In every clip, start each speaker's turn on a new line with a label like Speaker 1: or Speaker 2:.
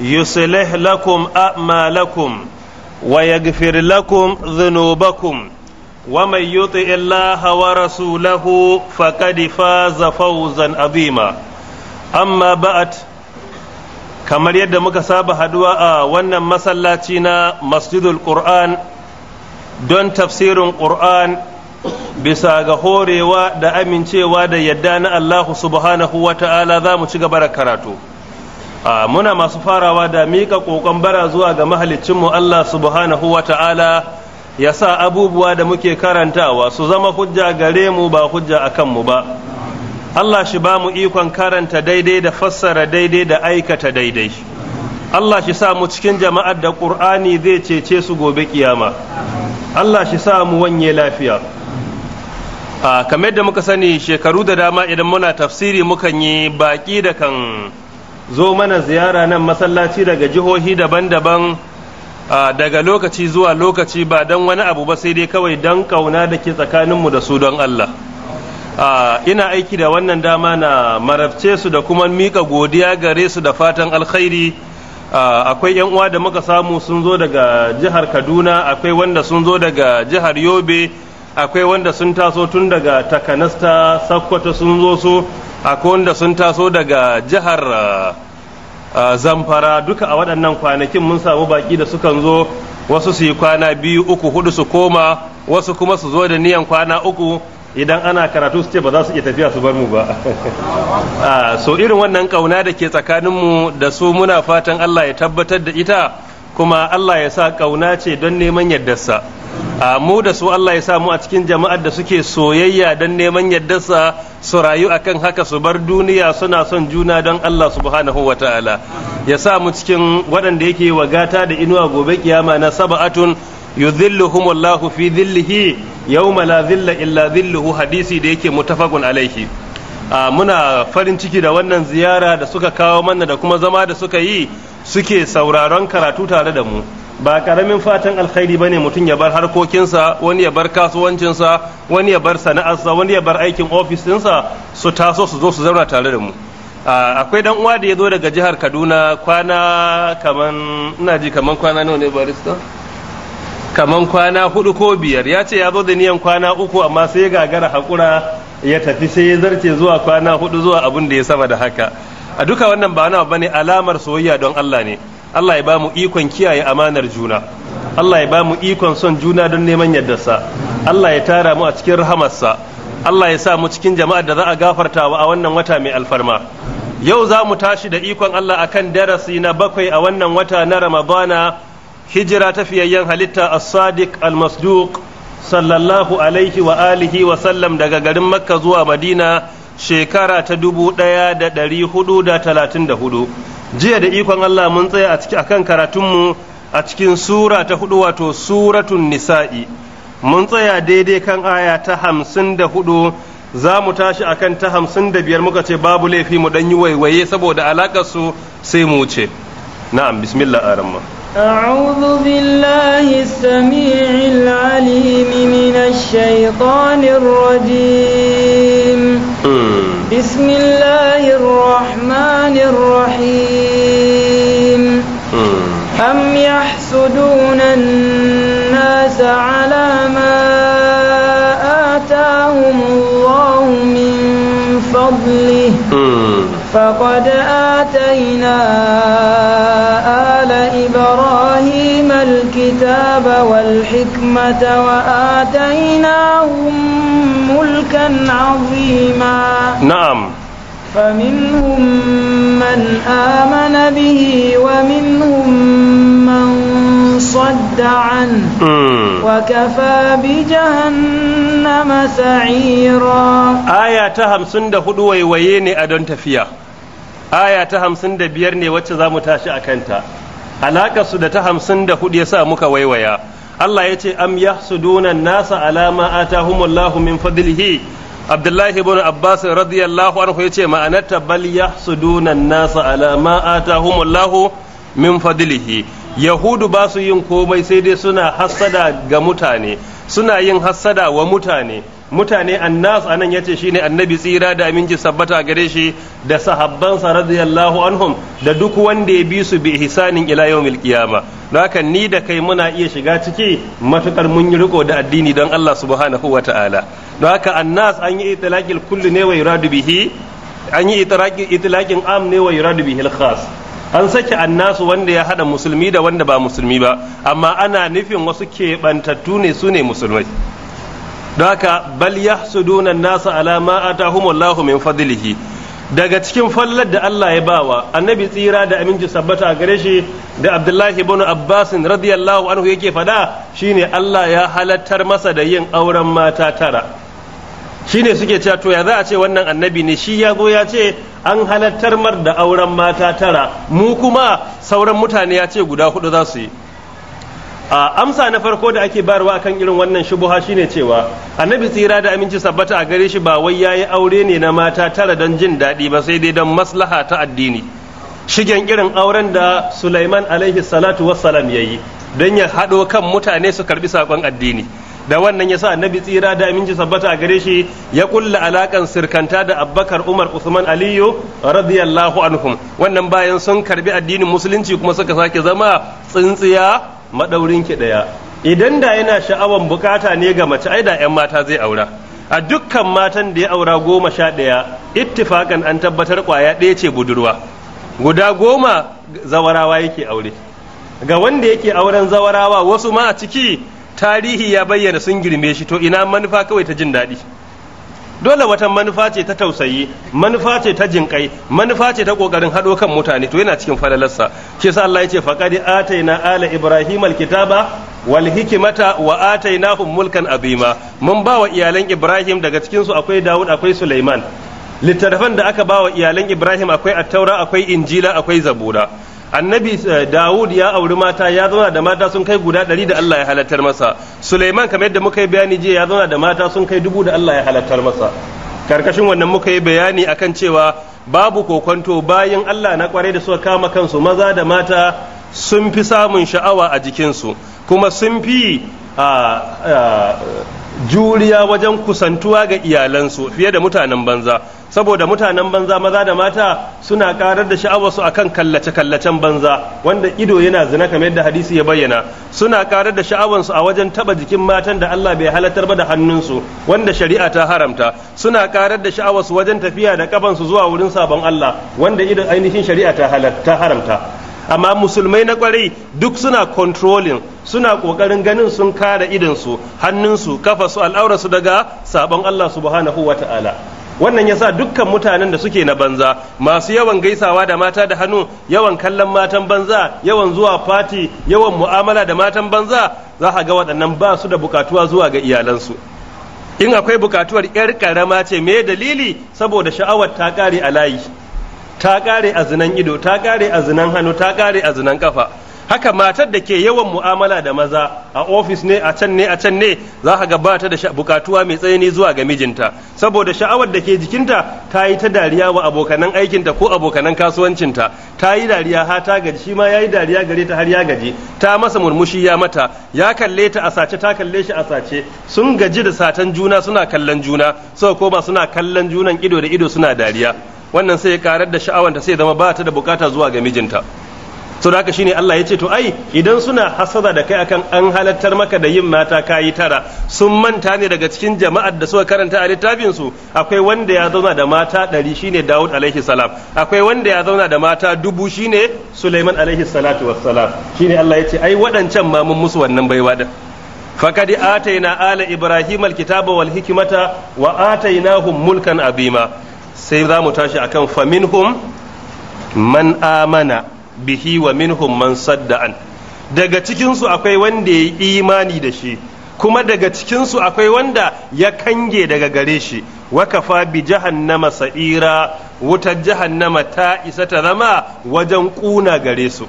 Speaker 1: يصلح لكم أعمالكم ويغفر لكم ذنوبكم ومن يطع الله ورسوله فقد فاز فوزا عظيما أما بعد kamar yadda muka saba haduwa a wannan masallaci na masjidul qur'an don tafsirin qur'an bisa ga horewa da amincewa da yadda na allahu subhanahu wa ta'ala za mu ci gaba da karatu muna masu farawa da mika ƙoƙon bara zuwa ga mu Allah subhanahu wa ta'ala ya sa abubuwa da muke karantawa su zama hujja gare mu ba hujja a mu ba Allah shi ba mu ikon karanta daidai da fassara daidai da aikata daidai Allah shi sa mu cikin jama'ar da ƙur'ani zai cece su gobe kiyama Allah shi sa mu wanye lafiya A kamar da muka sani shekaru da dama idan muna tafsiri mukan yi baki da kan zo mana ziyara nan masallaci daga jihohi daban-daban daga lokaci zuwa lokaci ba don wani abu ba sai dai kawai don kauna da ke tsakaninmu da su don Allah ina aiki da wannan dama na marabce su da kuma mika godiya gare su da fatan alkhairi akwai yan uwa da muka samu sun zo daga jihar kaduna akwai wanda sun zo daga jihar yobe akwai wanda sun taso tun daga takanasta sakkwato sun zo su akwai wanda sun taso daga jihar uh, uh, zamfara duka a waɗannan kwanakin mun samu baƙi da sukan zo wasu su yi kwana biyu uku hudu su koma wasu kuma su zo da niyan kwana uku idan ana karatu su ce ba za su iya tafiya su bar mu ba ah, so irin wannan kauna da ke tsakaninmu da su muna fatan allah ya tabbatar da ita kuma Allah ya sa ƙauna ce don neman yardarsa a mu da su Allah ya sa mu a cikin jama'ar da suke soyayya don neman yardarsa su rayu a kan haka su bar duniya suna son juna don Allah subhanahu wa ta'ala ya sa mu cikin waɗanda yake gata da inuwa gobe kiyama na saba'atun yudhilluhum Allahu fi dhillihi yawma la zilla illa dhilluhu hadisi da yake muttafaqun alaihi muna farin ciki da wannan ziyara da suka kawo mana da kuma zama da suka yi suke sauraron karatu tare da mu ba karamin fatan alkhairi bane mutum ya bar harkokinsa wani ya bar kasuwancinsa wani ya bar sana'arsa wani ya bar aikin ofis ɗinsa su taso su zo su zauna tare da mu akwai dan uwa da ya zo daga jihar kaduna kwana kaman ina ji kaman kwana nawa ne barista kaman kwana hudu ko biyar ya ce ya zo da niyan kwana uku amma sai ya gagara hakura ya tafi sai ya zarce zuwa kwana hudu zuwa abin da ya sama da haka a duka wannan ba na bane alamar soyayya don Allah ne Allah ya ba mu ikon kiyaye amanar juna Allah ya ba mu ikon son juna don neman yardarsa Allah ya tara mu a cikin rahamarsa Allah ya sa mu cikin jama'ar da za a gafartawa a wannan wata mai alfarma yau za mu tashi da ikon Allah akan darasi na bakwai a wannan wata na Ramadana hijira ta halitta as-sadiq al-masduq sallallahu alaihi wa alihi wa sallam daga garin makka zuwa madina shekara ta dubu ɗaya da ɗari hudu da talatin da hudu jiya da ikon allah mun tsaya a ciki akan karatunmu a cikin sura ta hudu wato suratun nisa'i mun tsaya daidai kan aya ta hamsin da hudu za mu tashi akan ta hamsin da biyar muka ce babu laifi mu dan yi waiwaye saboda alaƙarsu sai mu wuce. نعم بسم الله أرمى
Speaker 2: آه، أعوذ بالله السميع العليم من الشيطان الرجيم بسم الله الرحمن الرحيم أم يحسدون الناس على ما فقد آتينا آل إبراهيم الكتاب والحكمة وآتيناهم ملكا عظيما نعم فمنهم من آمن به ومنهم من صد عنه وكفى بجهنم سعيرا
Speaker 1: آية تهم سند هدوي ويني أدون تفيا آية تهم سند بيرني وتزا متاشا أكنتا علاقة سند تهم سند هدي سامك ويويا Allah ya ce am yahsuduna nasa alama atahumullahu min fadlihi abdullahi ibn abbas radiyallahu anhu yace ma'anata bal yahsuduna an-nasa ala ma atahumullahu min fadlihi yahudu ba su yin komai sai dai suna hassada ga mutane suna yin hassada wa mutane mutane annas anan yace shine annabi tsira da aminci sabbata gare shi da sahabbansa radiyallahu anhum da duk wanda ya bi su bi ihsanin ila yawmil qiyama don haka ni da kai muna iya shiga ciki matukar mun yi riko da addini don Allah subhanahu wataala don haka annas an yi itlaqil kulli ne wa yuradu bihi an yi itlaqin am ne wa yuradu bihi al khas an sake annasu wanda ya hada musulmi da wanda ba musulmi ba amma ana nufin wasu keɓantattu ne su ne musulmai don haka bal ya yahsuduna nasa alama ma atahumullahu min fadlihi daga cikin fallar da Allah ya bawa annabi tsira da aminci sabbata a gare shi da Abdullahi ibn Abbas radiyallahu anhu yake fada shine Allah ya halattar masa da yin auren mata tara shine suke cewa to ya za a ce wannan annabi ne shi ya zo ya ce an halattar mar da auren mata tara mu kuma sauran mutane ya ce guda hudu za su yi a amsa na farko da ake bayarwa akan irin wannan shubuha shine cewa annabi tsira da aminci sabbata a gare shi ba wai yayi aure ne na mata tara don jin daɗi ba sai dai don maslaha ta addini shigen irin auren da Sulaiman alaihi salatu wassalam yayi don ya haɗo kan mutane su karbi sakon addini da wannan yasa annabi tsira da aminci sabbata a gare shi ya kulla alakan sirkanta da Abubakar Umar Usman Aliyu radiyallahu anhum wannan bayan sun karbi addinin musulunci kuma suka sake zama tsintsiya madaurin ki daya idan da yana sha'awan bukata ne ga mace ai da yan mata zai aura a dukkan matan da ya aura goma sha ɗaya ittifakan an tabbatar kwaya ɗaya ce budurwa guda goma zawarawa yake aure ga wanda yake auren zawarawa wasu ma a ciki tarihi ya bayyana sun girme shi to ina manufa kawai ta jin daɗi dole wata manufa ce ta tausayi manufa ce ta jinƙai manufa ce ta ƙoƙarin haɗo kan mutane to yana cikin falalarsa shi yasa Allah ya ce faqad ataina ala ibrahim alkitaba wal hikmata wa atainahum mulkan abima mun ba wa iyalan ibrahim daga cikin su akwai dawud akwai sulaiman littattafan da aka ba wa iyalan ibrahim akwai attaura akwai injila akwai zabura annabi eh, Dawud ya auri mata ya zauna da mata sun kai guda ɗari da Allah ya halattar masa Suleiman kamar yadda muka yi bayani jiya ya zauna da mata sun kai dubu da Allah ya halattar masa karkashin wannan muka yi bayani akan cewa babu kokonto bayan Allah na kwarai da suka kama kansu maza da mata sun fi samun sha'awa a jikinsu kuma sun fi ah, ah, juriya wajen kusantuwa ga iyalansu fiye da mutanen banza saboda mutanen banza maza da mata suna karar da sha'awarsu akan kallace-kallacen banza wanda ido yana zina kamar yadda hadisi ya bayyana suna karar da sha'awarsu a wajen taba jikin matan da Allah bai halartar ba da hannunsu wanda shari'a ta haramta suna karar da sha'awarsu wajen tafiya da kafansu zuwa wurin sabon Allah wanda ido ainihin shari'a ta haramta amma musulmai na kwarai duk suna controlling suna kokarin ganin sun kare idonsu hannunsu kafasu al'aurarsu daga sabon Allah subhanahu wa ta'ala wannan yasa dukkan mutanen da suke na banza masu yawan gaisawa da mata da hannu yawan kallon matan banza yawan zuwa fati yawan mu'amala da matan banza za a ga waɗannan ba su da bukatuwa zuwa ga iyalansu in akwai bukatuwar 'yar ƙarama ce me dalili saboda sha'awar ta ƙare a layi ta kare a zinan ido ta kare a zinan hannu ta kare a zinan kafa haka matar da ke yawan mu'amala da maza a ofis ne a can ne a can ne za ka gabata da bukatuwa mai tsayani zuwa ga mijinta saboda sha'awar da ke jikinta ta yi ta dariya wa abokanan aikinta ko abokanan kasuwancinta ta yi dariya ha ta gaji shi ma ya yi dariya gare ta har ya gaji ta masa murmushi ya mata ya kalle ta a sace ta kalle shi a sace sun gaji da satan juna suna kallon juna suka koma suna kallon junan ido da ido suna dariya wannan sai ya karar da sha'awanta sai zama bata da bukata zuwa ga mijinta so da haka shine Allah ya ce to ai idan suna hasada da kai akan an halattar maka da yin mata kayi tara sun manta ne daga cikin jama'ar da suka karanta a littafin su akwai wanda ya zauna da mata ɗari shine Dawud alaihi salam akwai wanda ya zauna da mata dubu shine Sulaiman alaihi salatu wassalam shine Allah ya ce ai waɗancan ma mun musu wannan baiwa din فقد آتينا آل إبراهيم الكتاب والحكمة وآتيناهم ملكا عظيما سيدا متاشي أكن فمنهم من آمن bihi wa minhum man sadda'an daga cikinsu akwai wanda ya yi imani da shi kuma daga cikinsu akwai wanda ya kange daga gare shi wakafa bi jahannama sa'ira wutar jahannama ta isa ta zama wajen kuna gare su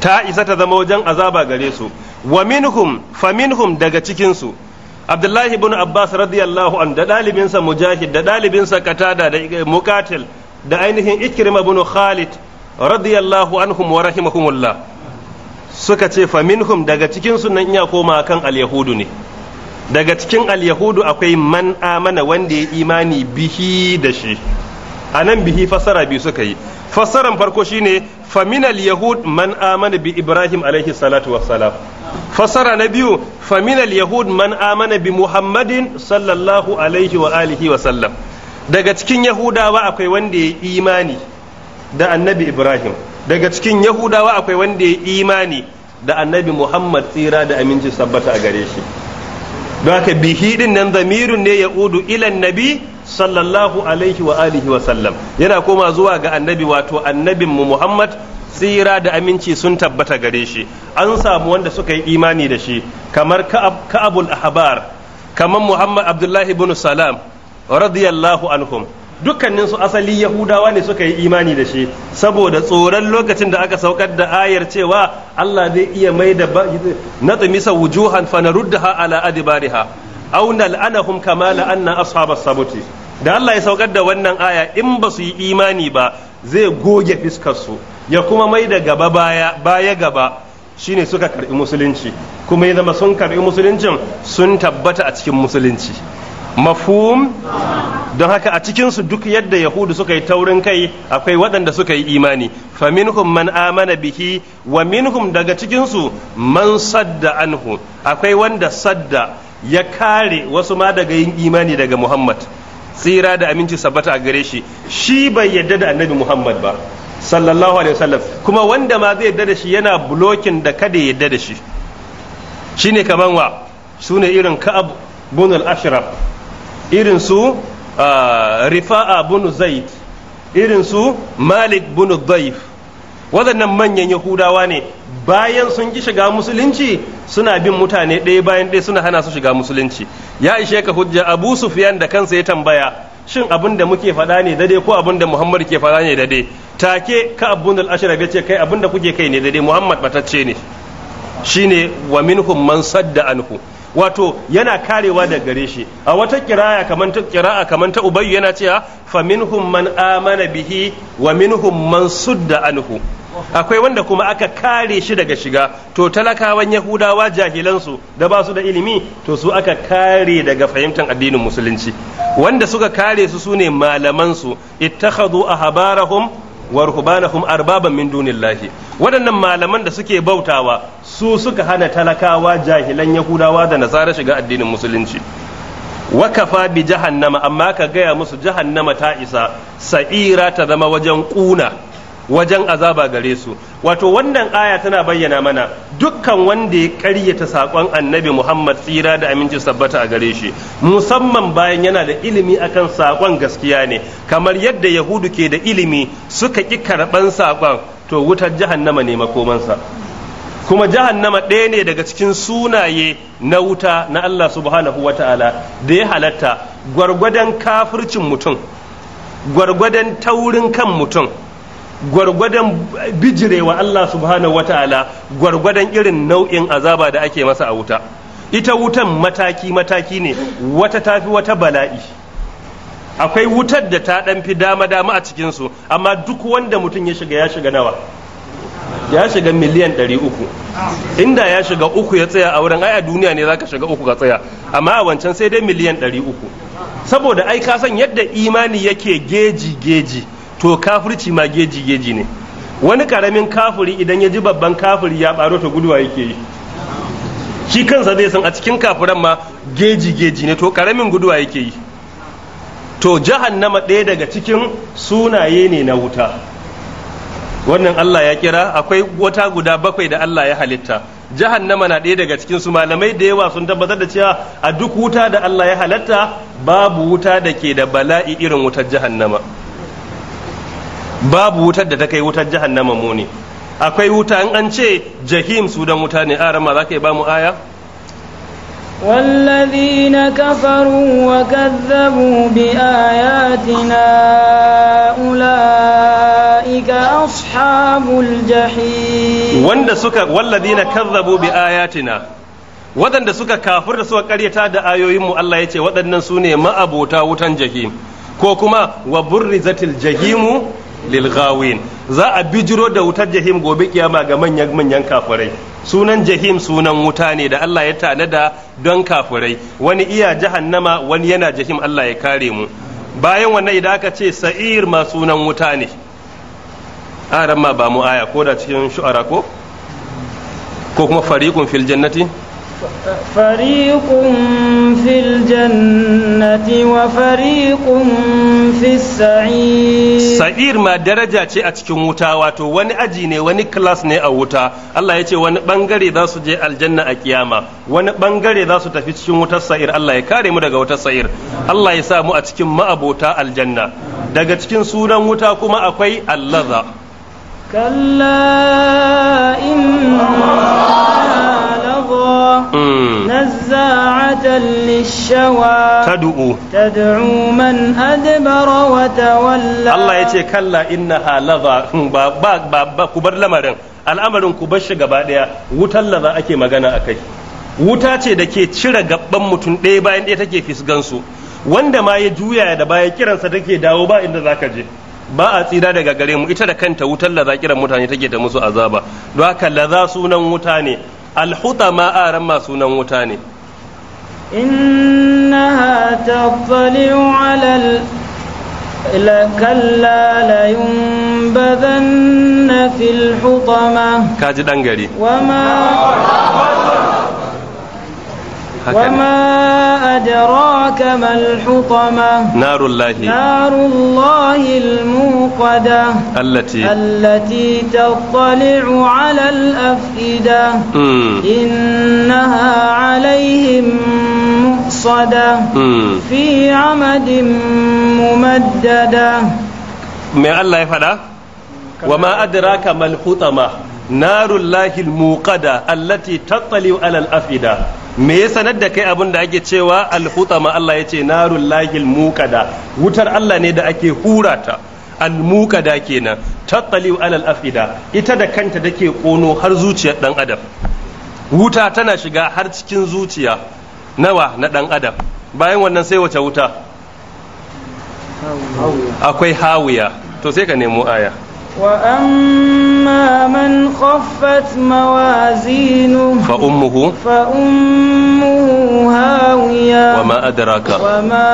Speaker 1: ta isa ta zama wajen azaba gare su wa minhum fa minhum daga cikinsu abdullahi ibn abbas radiyallahu an da ɗalibinsa mujahid da ɗalibinsa katada da mukatil da ainihin ikrima ibn khalid radiyallahu anhum wa rahimahumullah suka ce fa minhum daga cikin sunan iya koma kan alyahudu ne daga cikin alyahudu akwai man amana wanda ya imani bihi da shi a nan bihi fasara biyu suka yi fassaran farko shine fa min al man amana bi ibrahim alaihi salatu wassalam fassara na biyu fa min man amana bi muhammadin sallallahu alaihi wa alihi wa sallam daga cikin yahudawa akwai wanda ya imani da annabi ibrahim daga cikin yahudawa akwai wanda ya imani da annabi muhammad tsira da aminci sabbata a gare shi don haka bihi din nan zamirun ne ya udu ilan nabi sallallahu alaihi wa alihi wa sallam yana koma zuwa ga annabi wato annabin mu muhammad tsira da aminci sun tabbata gare shi an samu wanda suka yi imani da shi kamar ka'abul ahbar kamar muhammad abdullahi ibn salam radiyallahu anhum dukkanin su asali yahudawa ne suka yi imani da shi saboda tsoron lokacin da aka saukar da ayar cewa Allah zai iya mai da natmisa wujuhan fanaruddaha ala adibariha aw nal'anahum kama la'anna ashabas sabuti da Allah ya saukar da wannan aya in ba su yi imani ba zai goge fiskar su ya kuma mai da gaba baya baya gaba shine suka karbi musulunci kuma ya zama sun karbi musuluncin sun tabbata a cikin musulunci mafhum don haka a cikinsu duk yadda yahudu suka yi taurin kai akwai waɗanda suka yi imani fa man amana bihi wa minhum daga cikinsu man sadda anhu akwai wanda sadda ya kare wasu ma daga yin imani daga muhammad tsira da aminci sabbata a gare shi shi bai yadda da annabi muhammad ba sallallahu alaihi wasallam kuma wanda ma zai yadda da shi yana bulokin da kada ya yadda da shi shine kaman wa sune irin ka'ab bin al-ashraf irin su ah, rifa'a bunu zaid irin su malik bunu daif waɗannan manyan yahudawa ne bayan sun ji shiga musulunci suna bin mutane ɗaya bayan ɗaya suna hana su shiga musulunci ya ishe ka hujja abu sufyan da kansa ya tambaya shin abin da muke faɗa ne daidai ko abin da muhammad ke faɗa ne daidai take ka abun al-ashraf ya ce kai abin da kuke kai ne daidai muhammad batacce ne shine wa minhum man sadda anhu wato yana karewa da gare shi a wata kiraya kaman ta kira'a kaman ta ubayyu yana cewa fa minhum man amana bihi wa minhum man sudda anhu akwai wanda kuma aka kare shi daga shiga to talakawan yahudawa jahilansu da basu da ilimi to su aka kare daga fahimtar addinin musulunci wanda suka kare su sune malaman su ittakhadhu ahbarahum wa ruhbanahum arbaban min dunillahi waɗannan malaman da suke bautawa su suka hana talakawa jahilan yahudawa da nasara shiga addinin musulunci wa kafa bi jahannama amma ka gaya musu jahannama ta isa sa'ira ta zama wajen kuna wajen azaba gare su wato wannan aya tana bayyana mana dukkan wanda ya karyata saƙon annabi Muhammad tsira da amincin sabbata a gare shi musamman bayan yana da ilimi akan saƙon gaskiya ne kamar yadda yahudu ke da ilimi suka ƙi karɓan saƙon, to wutar jahannama ne makomansa kuma jahannama ɗaya ne daga cikin sunaye na wuta na Allah subhanahu ta'ala da ya halatta gwargwadon kafircin mutum gwargwadon taurin kan mutum gwargwadon bijirewa Allah subhanahu ta'ala gwargwadon irin nau'in azaba da ake masa a wuta ita wutan mataki mataki ne wata tafi wata bala'i akwai wutar da ta dan fi dama dama a cikinsu, amma duk wanda mutum ya shiga ya shiga nawa ya shiga miliyan 300 inda ya shiga uku ya tsaya a wurin ai a duniya ne zaka shiga uku ka tsaya amma a wancan sai dai miliyan uku. saboda ai ka san yadda imani yake geji geji to kafirci ma geji geji ne wani karamin kafiri idan ya ji babban kafiri ya baro ta guduwa yake yi shi kansa zai san a cikin kafiran ma geji geji ne to karamin guduwa yake yi to jahannama ɗaya daga cikin sunaye ne na wuta wannan Allah ya kira akwai wata guda bakwai da Allah ya halitta jahannama na ɗaya daga cikin su malamai da yawa sun tabbatar da cewa a duk wuta da Allah ya halatta babu wuta da ke da bala'i irin wutar jahannama babu wutar da ta kai wutar jahannama muni akwai wuta in an ce jahim su dan wuta ne arama za ka yi ba mu aya
Speaker 2: والذين
Speaker 1: suka kafir da suka karyata da ayoyinmu Allah ya ce waɗannan su ne ma'abota wutan jahim ko kuma wa burrizatil jahimu lilgawin za a bijiro da wutar jahim gobe kiyama ga manyan manyan kafirai sunan jahim sunan wuta ne da Allah ya tanada don kafirai wani iya jahannama wani yana jahim Allah ya kare mu bayan wannan idan aka ce sa'ir ma sunan wuta ne aran ma ba mu aya ko da cikin shu'ara ko ko kuma fariqun fil jannati
Speaker 2: فريق في الجنة وفريق في
Speaker 1: sa'ir ma daraja ce a cikin wuta wato wani aji ne wani class ne a wuta Allah ya ce wani ɓangare za su je aljanna a kiyama wani ɓangare za su tafi cikin wutar sa'ir Allah ya kare mu daga wutar sa'ir Allah ya sa mu a cikin ma'abota aljanna daga cikin sunan wuta kuma akwai allaza
Speaker 2: kalla inna الشرى نزاعة للشوى تدعو تدعو من أدبر وتولى الله
Speaker 1: يتي كلا إنها لظى كبر لمرن al'amarin ku bar shi gaba daya wutar laza ake magana a kai wuta ce da ke cire gaban mutum ɗaya bayan ɗaya take su. wanda ma ya juya da baya kiransa take dawo ba inda za ka je ba a tsira daga gare mu ita da kanta wutar laza kiran mutane take da musu azaba don haka laza sunan wuta ne alhutama aran ma sunan wuta ne
Speaker 2: innaha tattali'u alal كلا لينبذن في الحطمة
Speaker 1: كاجي وما وما
Speaker 2: أدراك ما الحطمة
Speaker 1: نار الله نار
Speaker 2: الله الموقدة التي التي تطلع على الأفئدة مم. إنها عليهم مؤصدة مم. في عمد ممددة
Speaker 1: ما الله يفعل وما أدراك ما الحطمة narullahi muqada allati tattali alal afida me ya sanar da kai abin da ake cewa alhutama Allah ya ce narullahi muqada wutar Allah ne da ake hura ta almuqada kenan tattali alal afida ita da kanta take kono har zuciyar dan adam wuta tana shiga har cikin zuciya nawa na dan adam bayan wannan sai wace wuta akwai hawiya to sai ka nemo aya
Speaker 2: وأما من خفت موازينه فأمه فأمه هاوية وما أدراك وما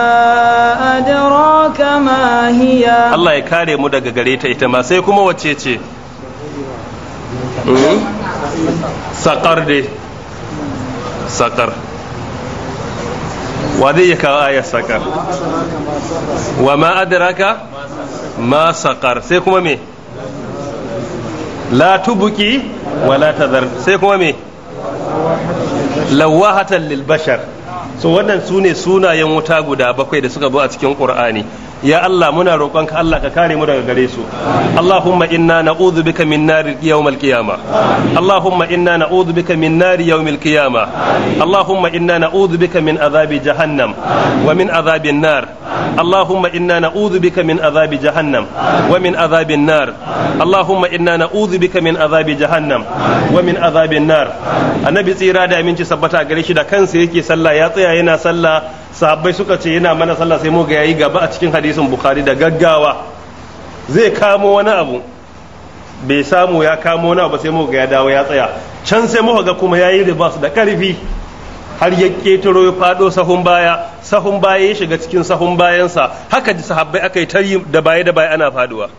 Speaker 2: أدراك ما هي
Speaker 1: الله يكاري مدى غريتا إتما سيكما وتيتي سقر دي سقر وذي يكا آية سقر وما أدراك ما سقر سيكما مي la tubuki wala tazar sai me so wannan su ne sunayen wuta guda bakwai da suka zo a cikin qur'ani ya Allah muna roƙonka Allah ka kare mu daga gare su Allahumma inna na'udhu bika min nari yawmal qiyama Allahumma inna na'udhu bika min nari yawmal qiyama Allahumma inna na'udhu bika min azabi jahannam wa min azabi nar Allahumma inna na'udhu bika min azabi jahannam wa min azabi nar Allahumma inna na'udhu bika min azabi jahannam wa min azabi nar annabi tsira da aminci sabbata gare shi da kansa yake sallah ya tsaya tsaya yana sallah sahabbai suka ce yana mana sallah sai mu ga yayi gaba a cikin hadisin bukhari da gaggawa zai kamo wani abu bai samu ya kamo wani abu sai mu ga ya dawo ya tsaya can sai mu ga kuma yayi ribas da karfi har ya ketaro ya fado sahun baya sahun baya ya shiga cikin sahun bayansa haka sahabbai aka yi tari da baya da baya ana faduwa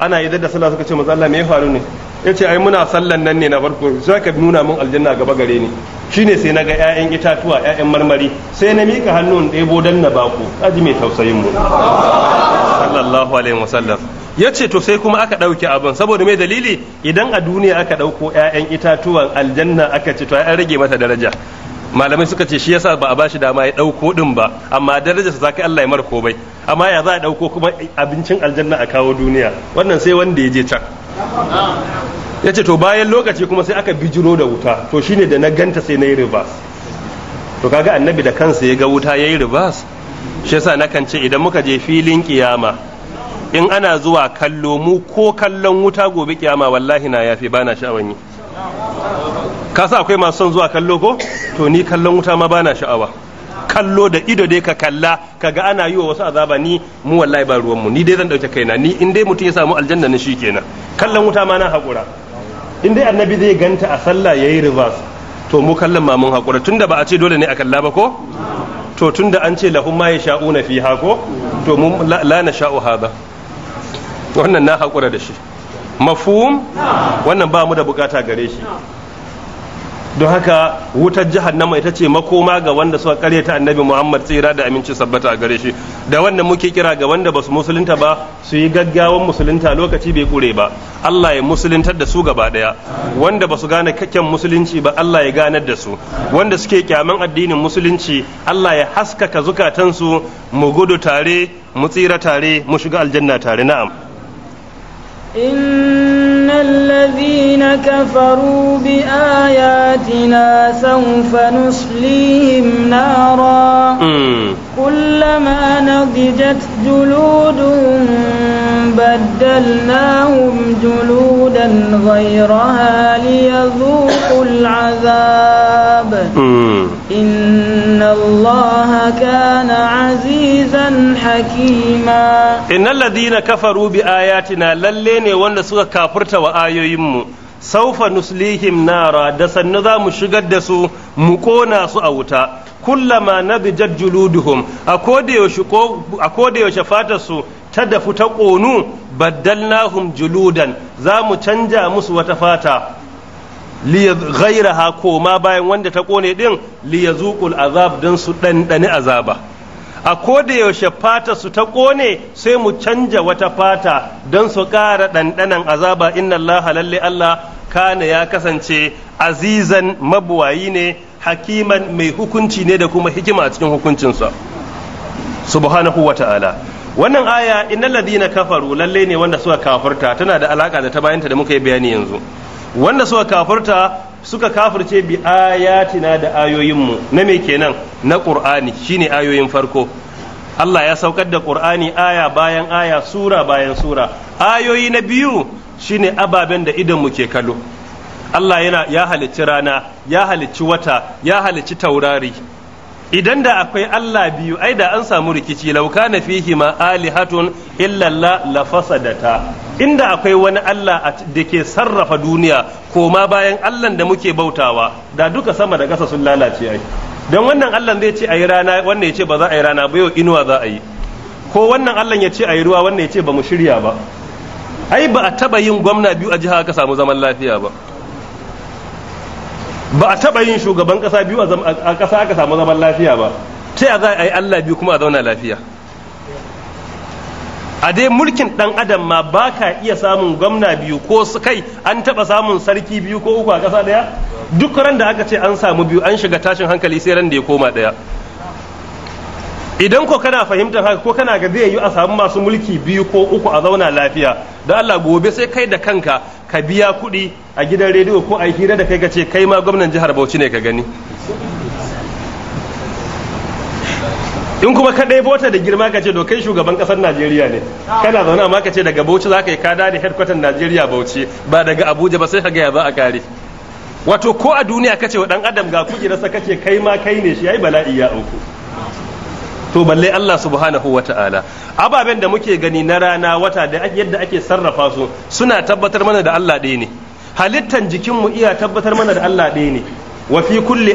Speaker 1: ana yi da sallah suka ce manzo Allah me ya faru ne yace ai muna sallan nan ne na farko sai ka nuna min aljanna gaba gare ni shine sai naga ƴaƴan itatuwa ƴaƴan marmari sai na mika hannun ɗebo dan na bako aji mai tausayin mu
Speaker 2: sallallahu
Speaker 1: alaihi wasallam yace to sai kuma aka ɗauke abin saboda mai dalili idan a duniya aka ɗauko ƴaƴan itatuwan aljanna aka ce to an rage mata daraja malamai suka ce shi yasa ba a bashi dama ya dauko din ba amma darajar sa zaka Allah ya mar komai amma ya za a dauko kuma abincin aljanna a kawo duniya wannan sai wanda ya je can yace to bayan lokaci kuma sai aka bijiro da wuta to shine da na ganta sai na yi reverse to kaga annabi da kansa ya ga wuta yayi yi reverse shi yasa nakan ce idan muka je filin kiyama in ana zuwa kallo mu ko kallon wuta gobe kiyama wallahi na yafi bana sha'awan yi kasa akwai masu son zuwa kallo ko to ni kallon wuta ma bana sha'awa kallo da ido dai ka kalla kaga ana yi wa wasu azaba ni mu wallahi ba ruwan mu ni dai zan dauke kaina ni in dai mutum ya samu aljanna ne kenan kallon wuta ma na hakura in dai annabi zai ganta a sallah yayi reverse to mu kallon ma mun hakura tunda ba a ce dole ne a kalla ba ko to tunda an ce lahum ma yasha'una fiha ko to mu la na sha'u hada wannan na hakura da shi mafhum wannan ba mu da bukata gare shi don haka wutar jihar jahannama ita ce makoma ga wanda suka kare ta annabi muhammad tsira da aminci sabbata a gare shi da wannan muke kira ga wanda ba su musulunta ba su yi gaggawan musulunta lokaci bai kure ba allah ya musuluntar da su gaba daya wanda su gane kakken musulunci ba allah ya ganar da su wanda suke kyaman addinin musulunci allah ya haskaka zukatansu mu gudu tare mu tsira tare mu shiga aljanna tare na'am
Speaker 2: إن الذين كفروا بآياتنا سوف نصليهم نارا
Speaker 3: كلما نضجت جلودهم
Speaker 2: بدلناهم جلودا غيرها ليذوقوا العذاب إن الله كان عزيزا حكيما
Speaker 1: إن الذين كفروا بآياتنا للين وأن سوى كافرت وآيوهم saufa nuslihim nara da sannu za mu shigar da su mu kona su a wuta kullama nabijat juluduhum a koda yaushe fatar su ta dafu ta ƙonu baddalnahum juludan za mu canja musu wata fata gairaha koma bayan wanda ta ƙone din zuƙul azab dan su ɗanɗani azaba a da yaushe fata su ta kone sai mu canja wata fata don su ƙara ɗanɗanan azaba inna Allah lalle Allah kana ya kasance azizan mabuwayi ne hakiman mai hukunci ne da kuma hikima a cikin hukuncinsa subhanahu wa ta'ala wannan aya innal ladina kafaru lalle ne wanda suka kafurta tana da alaka da ta bayanta da muka yi bayani yanzu wanda suka kafurta suka kafirce bi ayatina da ayoyinmu na me kenan na qur'ani shine ayoyin farko Allah ya saukar da ƙur'ani aya bayan aya sura bayan sura ayoyi na biyu shine ababen da idan ke kallo Allah yana ya halicci rana ya halicci wata ya halicci taurari idan da akwai Allah biyu ai da an samu rikici lauka na fihi ma alihatun illallah la fasadata inda akwai wani Allah da ke sarrafa duniya koma bayan Allah da muke bautawa da duka sama da ƙasa sun lalace ai don wannan Allah zai ce ayi rana wannan ya ce ba za a yi rana ba yau inuwa za a yi ko wannan Allah ya ce ayi ruwa wannan ya ba mu shirya ba ai ba a taba yin gwamna biyu a jiha ka samu zaman lafiya ba ba a taba yin shugaban kasa biyu a kasa aka samu zaman lafiya ba ta a za a yi Allah biyu kuma a zauna lafiya a dai mulkin dan adam ma ba ka iya samun gwamna biyu ko kai an taba samun sarki biyu ko uku a ƙasa daya duk ran da aka ce an samu biyu an shiga tashin hankali sai ran da ya koma daya idan ko kana fahimtar haka ko kana ga zai yi a samu masu mulki biyu ko uku a zauna lafiya da Allah gobe sai kai da kanka ka biya kuɗi a gidan rediyo ko a hira da kai ka ce kai ma gwamnan jihar Bauchi ne ka gani in kuma ka ɗai bota da girma ka ce to kai shugaban ƙasar najeriya ne kana zaune ma ka ce daga bauchi za ka yi kada da headquarter najeriya bauchi ba daga abuja ba sai ka gaya ba a kare wato ko a duniya ka ce wa ɗan adam ga kujerarsa ka ce kai ma kai ne shi ya yi bala'i ya auku to balle Allah subhanahu wa ta'ala ababen da muke gani na rana wata da yadda ake sarrafa su suna tabbatar mana da Allah ɗaya ne halittan jikinmu iya tabbatar mana da Allah ɗaya ne wa fi kulli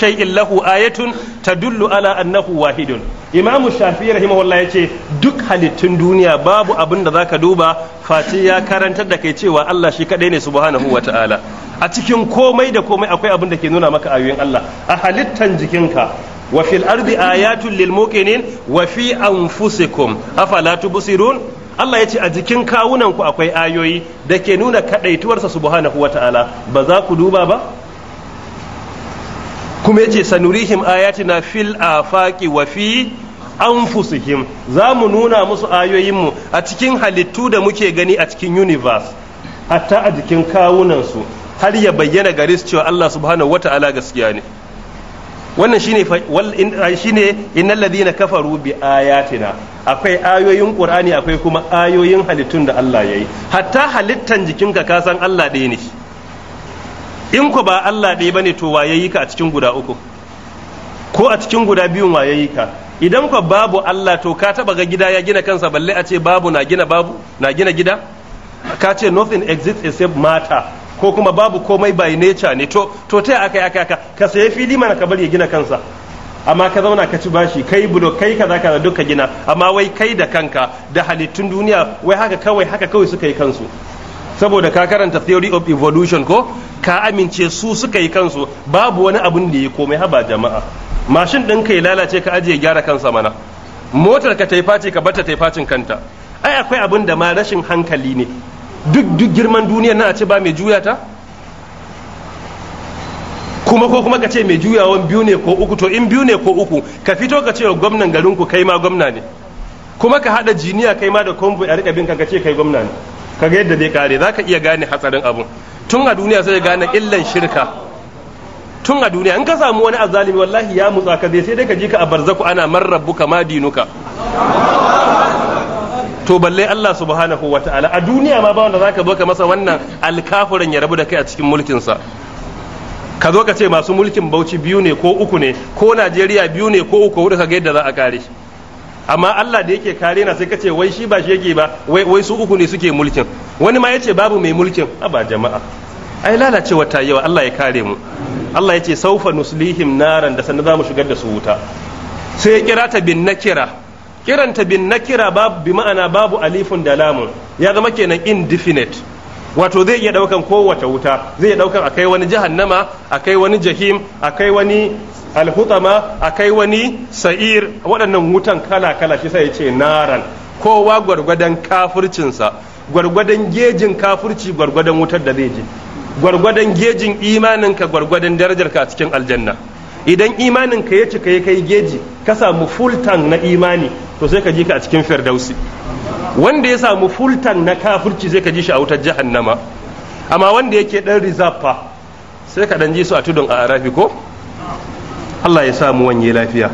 Speaker 1: shay'in lahu ayatun tadullu ala annahu wahidun imamu shafi rahimahullah yace duk halittun duniya babu abin da zaka duba fati ya karantar da kai cewa Allah shi kadai ne subhanahu wataala a cikin komai da komai akwai abin da ke nuna maka ayoyin Allah a halittan jikinka wa fil ardi ayatun lil muqinin wa fi anfusikum afala tubsirun Allah ya ce a jikin kawunanku akwai ayoyi da ke nuna kaɗaituwarsa subhanahu wa ta'ala ba za ku duba ba kuma yace sanurihim ayatina fil afaqi wa fi anfusihim za mu nuna musu ayoyinmu a cikin halittu da muke gani a cikin universe hatta a jikin kawunansu har ya bayyana gare su cewa Allah subhanahu wata'ala gaskiya ne wannan shine shine innal ladina kafaru bi ayatina akwai ayoyin qur'ani akwai kuma ayoyin halittun da Allah yayi hatta halittan jikinka ka san Allah ɗaya ne in ku ba Allah ɗaya bane to waye yi ka a cikin guda uku ko a cikin guda biyun waye yi ka idan ku babu Allah to ka taba ga gida ya gina kansa balle a ce babu na gina babu na gina gida ka ce nothing exists except matter ko kuma babu komai by nature ne to to ta aka aka aka ka sai fili mana ka bari ya gina kansa amma ka zauna ka ci bashi kai bulo kai ka ka da duka gina amma wai kai da kanka da halittun duniya wai haka kawai haka kawai suka yi kansu saboda ka karanta theory of evolution ko ka amince su suka yi kansu babu wani abun da ya komai haba jama'a mashin ɗin ka ya lalace ka ajiye gyara kansa mana motar ka taifaci ka bata taifacin kanta ai akwai abun da ma rashin hankali ne duk duk girman duniyar na a ce ba mai juya ta kuma ko kuma ka ce mai juyawan biyu ne ko uku to in biyu ne ko uku ka fito ka ce wa gwamnan garinku kai ma gwamna ne kuma ka hada jiniya kai ma da kombu a rika bin ka ce kai gwamna ne kaga yadda zai kare zaka iya gane hatsarin abun tun a duniya sai gane illan shirka tun a duniya in ka samu wani azalimi wallahi ya mutsa ka zai sai dai ka ji ka a barzaku ana man rabbuka ma dinuka to balle Allah subhanahu wa ta'ala a duniya ma ba wanda zaka zo ka masa wannan alkafuran ya rabu da kai a cikin mulkin sa ka zo ka ce masu mulkin Bauchi biyu ne ko uku ne ko Najeriya biyu ne ko uku hudu ka ga yadda za a kare shi amma Allah da yake kare na sai kace wai shi ba shi yake ba wai wai su uku ne suke mulkin wani ma yace babu mai mulkin a ba jama'a ai lalacewa ta yawa Allah ya kare mu Allah yace saufa nuslihim naran da zamu shigar da su wuta sai ya kira ta bin nakira kiranta bin nakira babu bi ma'ana babu alifun da lamun ya zama kenan indefinite wato zai iya daukan kowace wuta zai iya daukan akai wani jahannama akai wani jahim akai wani alhutama akai wani sa'ir waɗannan wutan kala kala shi sai ce naran kowa gwargwadon kafircinsa gwargwadon gejin kafirci gwargwadon wutar da zai je gwargwadon gejin imaninka gwargwadon darajarka a cikin aljanna idan imanin ka ya cika ya kai geji ka samu fultan na imani to sai ka ji ka a cikin firdausi wanda ya samu fultan na kafirci sai ka ji shi a wutar jahannama amma wanda yake dan rizafa sai ka dan ji su a tudun a arafi ko Allah ya samu wanye lafiya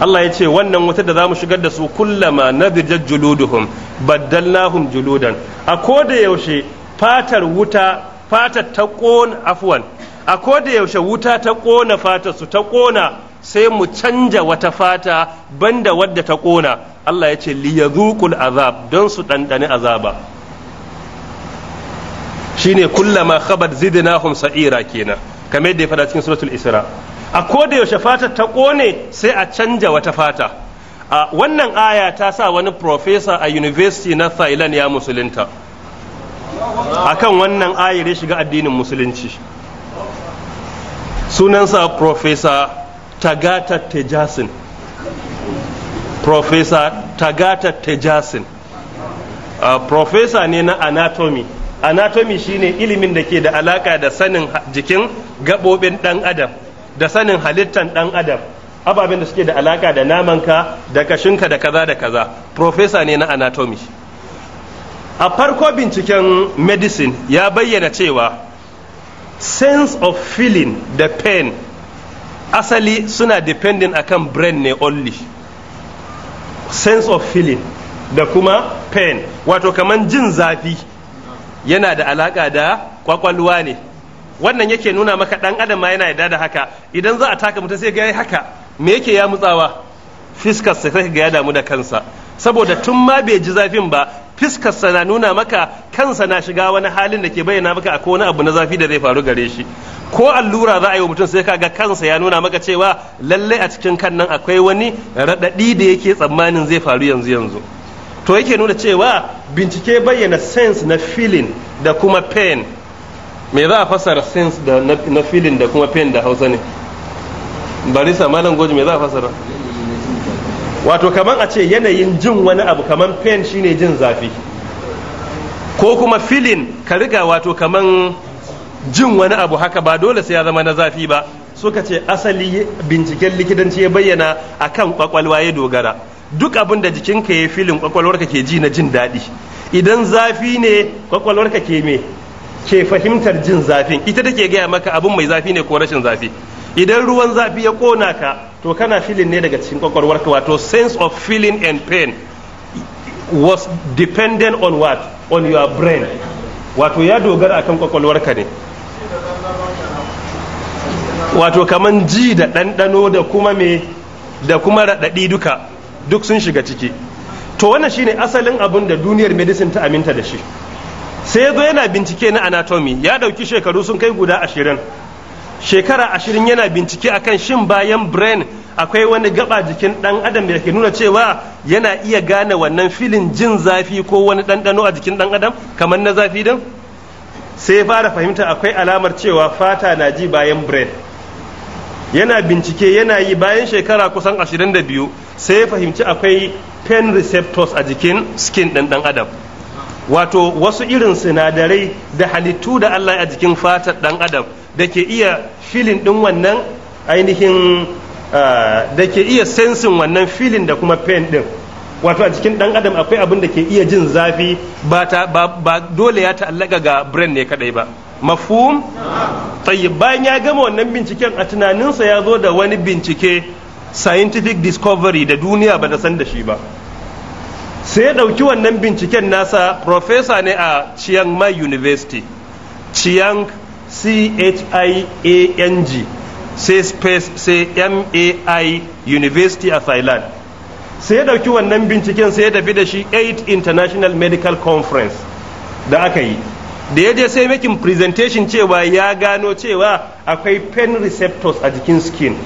Speaker 1: Allah ya ce wannan wutar da za mu shigar da su kullama nabijat juluduhum baddalnahum juludan a koda yaushe fatar wuta fatar ta afwan a ko da yaushe wuta ta ƙona fata su ta ƙona sai mu canja wata fata banda wadda ta ƙona Allah ya ce liyadhuqul azab don su ɗanɗani azaba shine kullama khabat zidnahum sa'ira kenan kamar yadda ya faɗa cikin suratul isra a ko da yaushe fata ta ƙone sai a canja wata fata a wannan aya ta sa wani professor a university na Thailand ya musulunta akan wannan ayar ya shiga addinin musulunci sunansa professor tagata tejasin professor tagata tejasin uh, professor ne na anatomy anatomy shine ilimin da ke da alaka da sanin jikin gabobin dan adam da sanin halittan dan adam ababen da suke da alaka da namanka da kashinka da kaza da kaza professor ne na anatomy a farko binciken medicine ya bayyana cewa sense of feeling da pain asali suna depending akan brain ne only sense of feeling da kuma pain wato kaman jin zafi yana da alaka da kwakwalwa ne wannan yake nuna maka dan adam ma yana yarda da haka idan za a taka mutum sai ga haka me yake ya mutsawa fiskar sai ga ya damu da kansa saboda tun ma bai ji zafin ba fiskarsa na nuna maka kansa na shiga wani halin da ke bayyana maka akwai wani abu na zafi da zai faru gare shi ko allura za a yi wa mutum sai kaga kansa ya nuna maka cewa lalle a cikin kan nan akwai wani raɗaɗi da yake tsammanin zai faru yanzu yanzu to yake nuna cewa bincike bayyana sense na feeling da kuma pain me za a fassara sense da na feeling da kuma pain da hausa ne barisa malam goji me za a fassara wato kamar a ce yanayin jin wani abu kamar pain shine jin zafi ko kuma filin ka riga wato kamar jin wani abu haka ba dole sai ya zama na zafi ba suka ce asali binciken likitanci ya bayyana a kan kwakwalwa ya dogara duk abin da jikinka ya filin kwakwalwarka ke ji na jin daɗi idan zafi ne kwakwalwarka ke me ke fahimtar jin zafin ita take gaya maka abin mai zafi ne ko rashin zafi idan ruwan zafi ya kona ka to kana filin ne daga cikin ka wato sense of feeling and pain was dependent on what on your brain wato ya dogara akan ka ne wato kaman ji da ɗanɗano da kuma me da kuma raɗaɗi duka duk sun shiga ciki to wannan shine asalin abin da duniyar medicine ta aminta da shi sai ya zo yana bincike na anatomy ya ɗauki shekaru sun kai guda ashirin shekara ashirin yana bincike akan shin bayan brain akwai wani gaba jikin dan adam da ke nuna cewa yana iya gane wannan filin jin zafi ko wani ɗanɗano a jikin dan adam kamar na zafi din sai fara fahimta akwai alamar cewa fata na ji bayan brain yana bincike yana yi bayan shekara kusan ashirin da biyu sai fahimci akwai pain receptors a jikin skin ɗan ɗan adam wato wasu irin sinadarai da halittu da Allah a jikin fatar dan adam da ke iya filin din wannan ainihin ah, da ke iya sensin wannan filin da kuma pain din wato a jikin dan adam akwai abin da ke iya jin zafi ba ta ba, dole ya ta'allaka ga brain ne kadai ba mafhum tayyib bayan ya gama wannan binciken a tunaninsa ya zo da wani bincike scientific discovery da duniya ba san da shi ba sai ya ɗauki wannan binciken nasa profesa ne a chiang mai university chiang c-h-i-a-n-g sai space sai mai university a thailand sai ya ɗauki wannan binciken sai ya tafi da shi 8 international medical conference da aka yi da ya je sai making presentation cewa ya gano cewa akwai pain receptors a jikin skin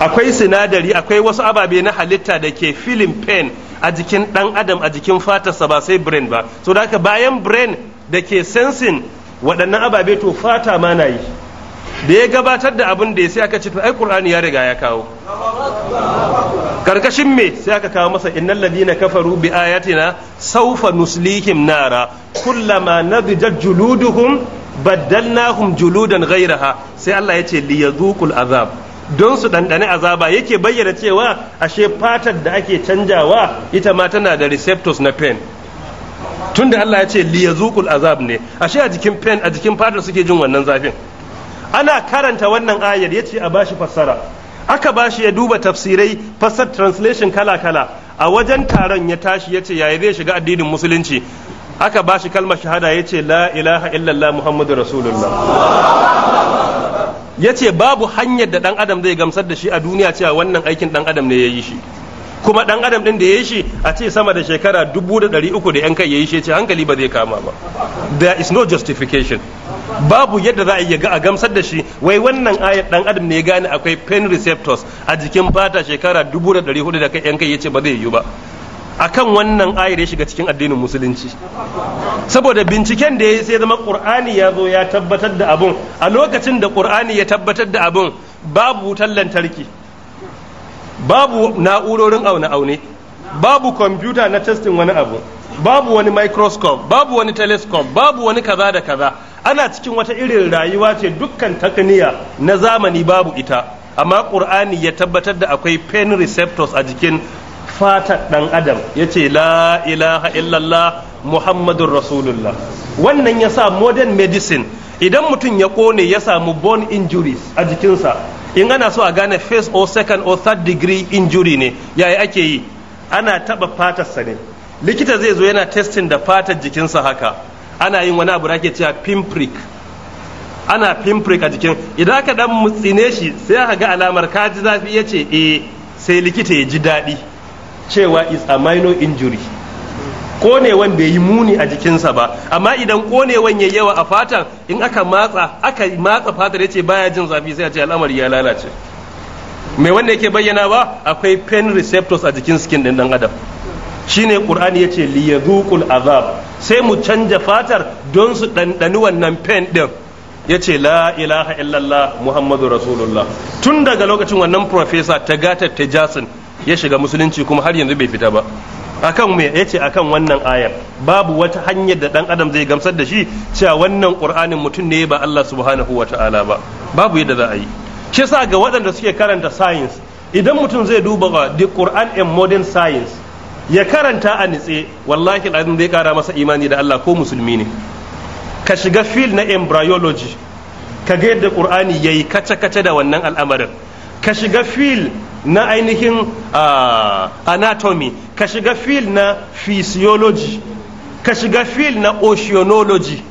Speaker 1: akwai sinadari akwai wasu ababe na halitta da ke filin pain a jikin dan adam a jikin fatarsa ba sai brain ba so da haka bayan brain da ke sensin waɗannan ababe to fata ma na yi da ya gabatar da abin da ya sai aka ce to ai qur'ani ya riga ya kawo karkashin me sai aka kawo masa innal ladina kafaru bi ayatina saufa nuslihim nara kullama nadijat juluduhum baddalnahum juludan ghayraha sai Allah ya ce liyadhuqul azab don su ɗanɗani azaba yake bayyana cewa ashe fatar da ake canjawa ita ma tana da receptors na pain tunda Allah ya ce liyazuqul azab ne ashe a jikin pain a jikin fatar suke jin wannan zafin ana karanta wannan ayar ya ce a bashi fassara aka bashi ya duba tafsirai fassar translation kala kala a wajen taron ya tashi ya ce yaya zai shiga addinin musulunci aka bashi kalmar shahada ya ce la ilaha illallah muhammadu rasulullah ya ce babu hanyar da ɗan adam zai gamsar da shi a duniya cewa wannan aikin ɗan adam ne ya yi shi kuma ɗan adam ɗin da ya yi shi a ce sama da shekara dubu da ɗari uku da yan kai ya yi shi ce hankali ba zai kama ba there is no justification babu yadda za a yi ga a gamsar da shi wai wannan ayar ɗan adam ne ya gane akwai pain receptors a jikin fata shekara dubu da ɗari hudu da yan kai ya ce ba zai yi ba akan wannan ayar ya shiga cikin addinin musulunci saboda binciken da ya sai zama qur'ani ya zo ya tabbatar da abun a lokacin da qur'ani ya tabbatar da abun babu wutar lantarki babu na'urorin aune aune babu kwamfuta na testin wani abu babu wani microscope babu wani telescope babu wani kaza da kaza ana cikin wata irin rayuwa ce dukkan takniya na zamani babu ita amma qur'ani ya tabbatar da akwai pain receptors a jikin fatar ɗan adam ya ce la ilaha illallah muhammadun rasulullah wannan ya sa modern medicine idan mutum ya kone ya samu bone injuries a jikinsa in ana so a gane first or second or third degree injury ne yayi ake yi ana taba fatarsa ne likita zai zo yana testing da fatar jikinsa haka ana yin wani abu da ake cewa pinprick ana pinprick a jikin idan aka dan mutsine shi sai aka ga alamar kaji zafi ya ce eh sai likita ya ji daɗi cewa is a minor injury konewan bai yi muni a jikinsa ba amma idan konewan ya yawa a fatan in aka matsa aka matsa fatar ya ce baya jin zafi sai a ce al'amari ya lalace mai wanda yake bayyana ba akwai pain receptors a jikin skin din dan adam shine qur'ani yace liyadhuqul azab sai mu canja fatar don su ɗanɗani wannan pain din ya ce la ilaha illallah muhammadu rasulullah tun daga lokacin wannan ta professor ta tejasin ya shiga musulunci kuma har yanzu bai fita ba akan me yace akan wannan ayar babu wata hanyar da dan adam zai gamsar da shi cewa wannan qur'anin mutum ne ba Allah subhanahu ta'ala ba babu yadda za a yi shi yasa ga waɗanda suke karanta science idan mutum zai duba the Quran in modern science ya karanta a nitse wallahi alazim zai kara masa imani da Allah ko musulmi ne ka shiga field na embryology ka ga yadda Qur'ani yayi kace-kace da wannan al'amarin ka shiga fil na ainihin ah, anatomy ka shiga fil na physiology ka shiga fil na oceanology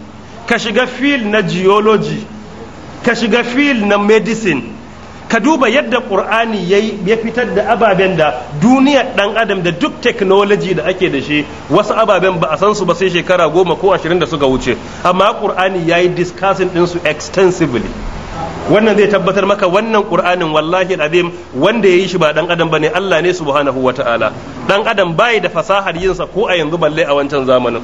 Speaker 1: ka shiga fil na geology ka shiga fil na medicine ka duba yadda ƙur'ani ya fitar da ababen da duniyar ɗan adam da duk technology da ake da shi wasu ababen ba a san su ba sai shekara goma ko ashirin da suka wuce amma ƙur'ani ya yi discussing ɗinsu extensively wannan zai tabbatar maka wannan qur'anin wallahi azim wanda yayi shi ba dan adam bane Allah ne subhanahu wataala dan adam bai da fasahar yinsa ko a yanzu balle a wancan zamanin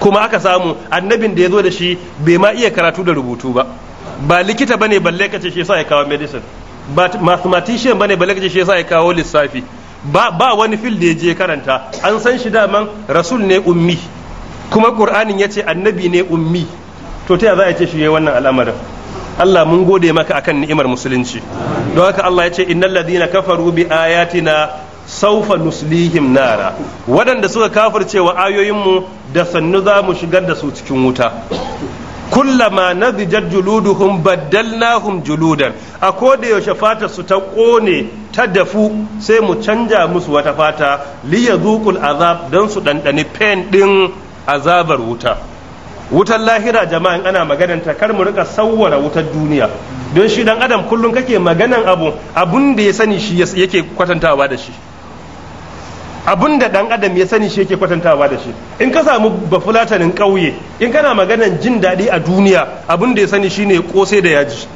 Speaker 1: kuma aka samu annabin da ya zo da shi bai ma iya karatu da rubutu ba ba likita bane balle kace shi yasa ya kawo medicine ba mathematician bane balle kace shi yasa ya kawo lissafi ba ba wani fil da ya je karanta an san shi daman rasul ne ummi kuma qur'anin yace annabi ne ummi to ta za a ce shi yayi wannan al'amarin Allah mun gode maka akan ni'imar musulunci don haka Allah ya ce innal ladina kafaru bi ayatina saufa nuslihim nara waɗanda suka kafirce wa ayoyinmu da sannu za mu shigar da su cikin wuta kullama nadijat juluduhum baddalnahum juludan a koda yaushe fata su ta kone ta dafu sai mu canja musu wata fata liyazuqul azab dan su dandani pain din azabar wuta wutar lahira jama'a in ana ta kar mu rika sawwara wutar duniya don shi dan adam kullum kake maganan abu abun da ya sani shi yake kwatantawa da shi abun da dan adam ya sani shi yake kwatantawa da shi in ka samu bafulatanin ƙauye in kana maganan jin daɗi a duniya abun da ya sani shine kosai da yaji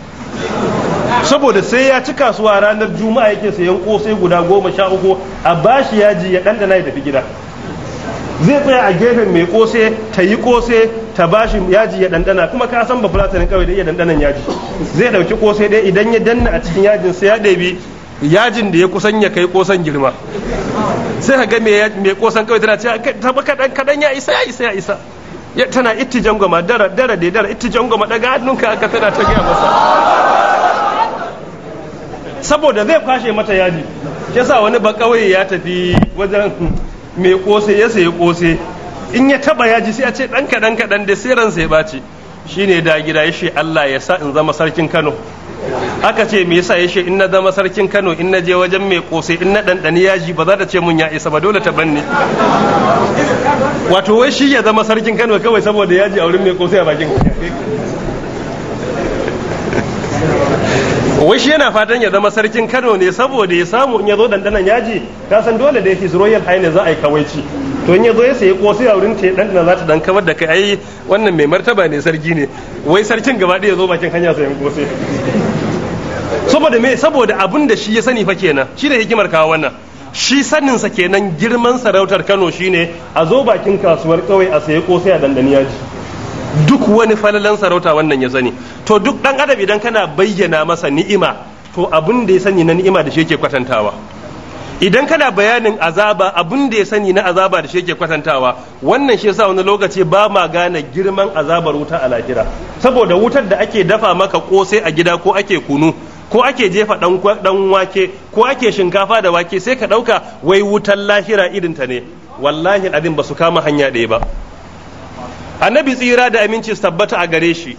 Speaker 1: saboda sai ya ci kasuwa ranar juma'a yake sayan kosai guda goma sha uku a bashi yaji ya ɗanɗana ya tafi gida zai tsaya a gefen mai kose ta yi kose ta bashi yaji ya dandana kuma ka san bafulatanin kawai da iya dandanan yaji zai dauki kose dai idan ya danna a cikin yajin sai ya ɗebi yajin da ya kusan ya kai kosan girma sai ka ga mai kosan kawai tana cewa taba kadan kaɗan ya isa ya isa ya isa tana itti jangoma dara dara da dara itti jangoma daga hannunka aka tana ta gaya masa saboda zai kwashe mata yaji sa wani ba kawai ya tafi wajen hmm, mai kose ya sayi kose in ya taba ya ji sai a ce dan kadan kadan da sai ransa ya baci shine da gida yace Allah ya sa in zama sarkin Kano aka ce me yasa yace in na zama sarkin Kano in na je wajen mai kose in na dandani yaji ba za ta ce mun ya isa ba dole ta banne wato wai shi ya zama sarkin Kano kawai saboda yaji a wurin mai kose a bakin wai shi yana fatan ya zama sarkin Kano ne saboda ya samu in ya zo dandanan yaji ka san dole da yake royal highness za a yi kawaici to in ya zo ya sayi a wurin ce dan za ta dan kawar da kai ai wannan mai martaba ne sarki ne wai sarkin gaba ɗaya zo bakin hanya sayan kosai saboda me saboda abin da shi ya sani fa kenan shi da hikimar kawo wannan shi sanin sa kenan girman sarautar Kano shine a zo bakin kasuwar kawai a sayi kosai a dandani yaji duk wani falalan sarauta wannan ya sani to duk dan adam idan kana bayyana masa ni'ima to abin da ya sani na ni'ima da shi yake kwatantawa idan kana bayanin azaba abin da ya sani na azaba da shi yake kwatantawa wannan shi yasa wani lokaci ba ma gane girman azabar wuta a lahira saboda wutar da ake dafa maka kosai a gida ko ake kunu ko ake jefa dan wake ko ake shinkafa da wake sai ka ɗauka wai wutan lahira irin ta ne wallahi abin ba su kama hanya ɗaya ba annabi tsira da aminci tabbata a gare shi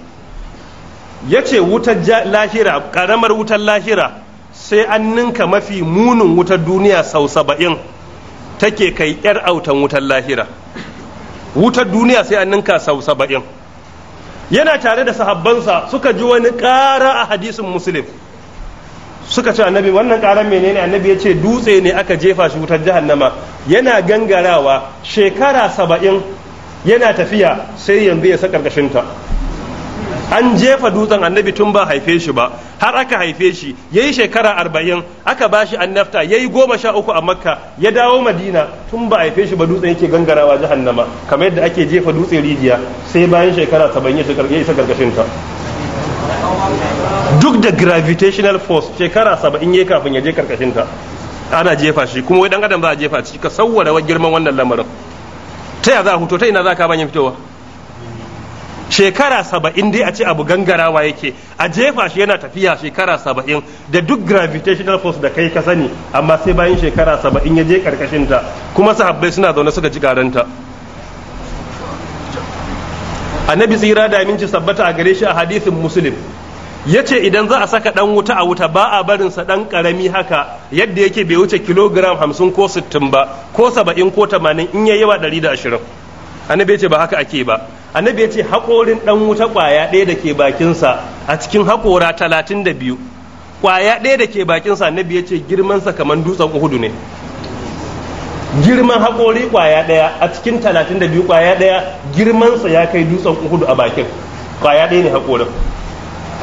Speaker 1: ya ce wutar lahira ƙaramar wutar lahira sai an ninka mafi munin wutar duniya sau saba'in take kai yar autan wutar lahira wutar duniya sai an ninka sau saba'in yana tare da sahabbansa suka ji wani ƙara a hadisin muslim suka ce annabi wannan ƙaran menene annabi ya ce dutse ne aka jefa shi wutar jahannama yana gangarawa shekara saba'in yana tafiya sai yanzu ya sa karkashinta an jefa dutsen annabi tun ba haife shi ba har aka haife shi ya yi shekara arba'in aka ba shi annafta ya yi goma sha uku a makka ya dawo madina tun ba haife shi ba dutsen yake gangarawa jahannama kamar yadda ake jefa dutsen rijiya sai bayan shekara saba'in ya isa karkashin ta duk da gravitational force shekara saba'in ya kafin ya je karkashin ta ana jefa shi kuma wai dan adam ba a jefa shi ka wa girman wannan lamarin ta ya za a ta ina za ka banyan fitowa shekara saba'in dai a ce abu gangarawa yake a jefa shi yana tafiya shekara saba'in da duk gravitational force da kai ka sani amma sai bayan shekara saba'in ya je karkashin ta kuma sahabbai suna zaune suka ji karanta annabi tsira da aminci sabbata a gare shi a hadisin muslim ya ce idan za a saka dan wuta a wuta ba a barinsa dan karami haka yadda yake bai wuce kilogram hamsin ko sittin ba ko saba'in ko tamanin in ya yawa ɗari da ashirin annabi ya ce ba haka ake ba annabi ya ce haƙorin dan wuta ƙwaya ɗaya da ke bakinsa a cikin haƙora talatin da biyu ƙwaya ɗaya da ke bakinsa annabi ya ce girmansa kamar dutsen uhudu ne girman haƙori ƙwaya ɗaya a cikin talatin da biyu ƙwaya ɗaya girmansa ya kai dutsen uhudu a bakin ƙwaya ɗaya ne haƙorin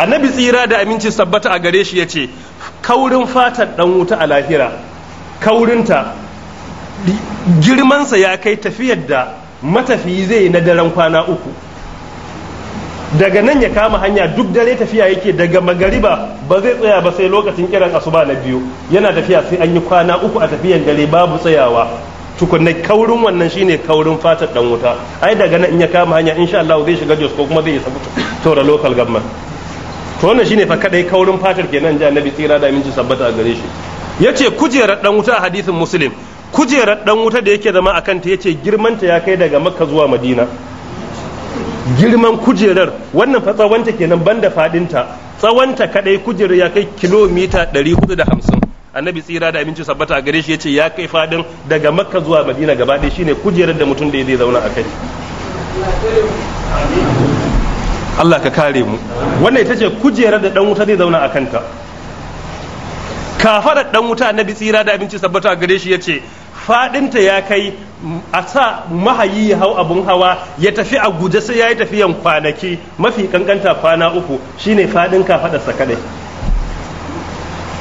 Speaker 1: annabi tsira da aminci sabbata a gare shi ya ce kaurin fatar dan wuta a lahira kaurinta girmansa ya kai tafiyar da matafiyi zai na daren kwana uku daga nan ya kama hanya duk dare tafiya yake daga magariba ba zai tsaya ba sai lokacin kiran asuba na biyu yana tafiya sai an yi kwana uku a tafiyar dare babu tsayawa tukunna kaurin wannan shine kaurin fatar dan wuta ai daga nan in ya kama hanya insha Allah zai shiga Jos ko kuma zai yi isa tora local government to wannan shine fa kadai kaurin fatar kenan ji annabi tsira da aminci sabbata a gare shi yace kujerar dan wuta a hadisin muslim kujerar dan wuta da yake zama akan ta yace girman ta ya kai daga makka zuwa madina girman kujerar wannan fa tsawonta kenan banda fadinta tsawonta kadai kujerar ya kai kilomita 450 annabi tsira da aminci sabbata a gare shi yace ya kai fadin daga makka zuwa madina gaba ɗaya shine kujerar da mutum da zai zauna a kai Allah ka kare mu wannan ita ce kujerar da dan wuta zai zauna a kanta kafarar dan wuta na tsira da abinci sabbata gare shi yace faɗinta ya kai a sa mahayi ya hau abun hawa ya tafi a guje sai ya yi tafiyan kwanaki mafi kankanta kwana uku shine fadin sa kaɗai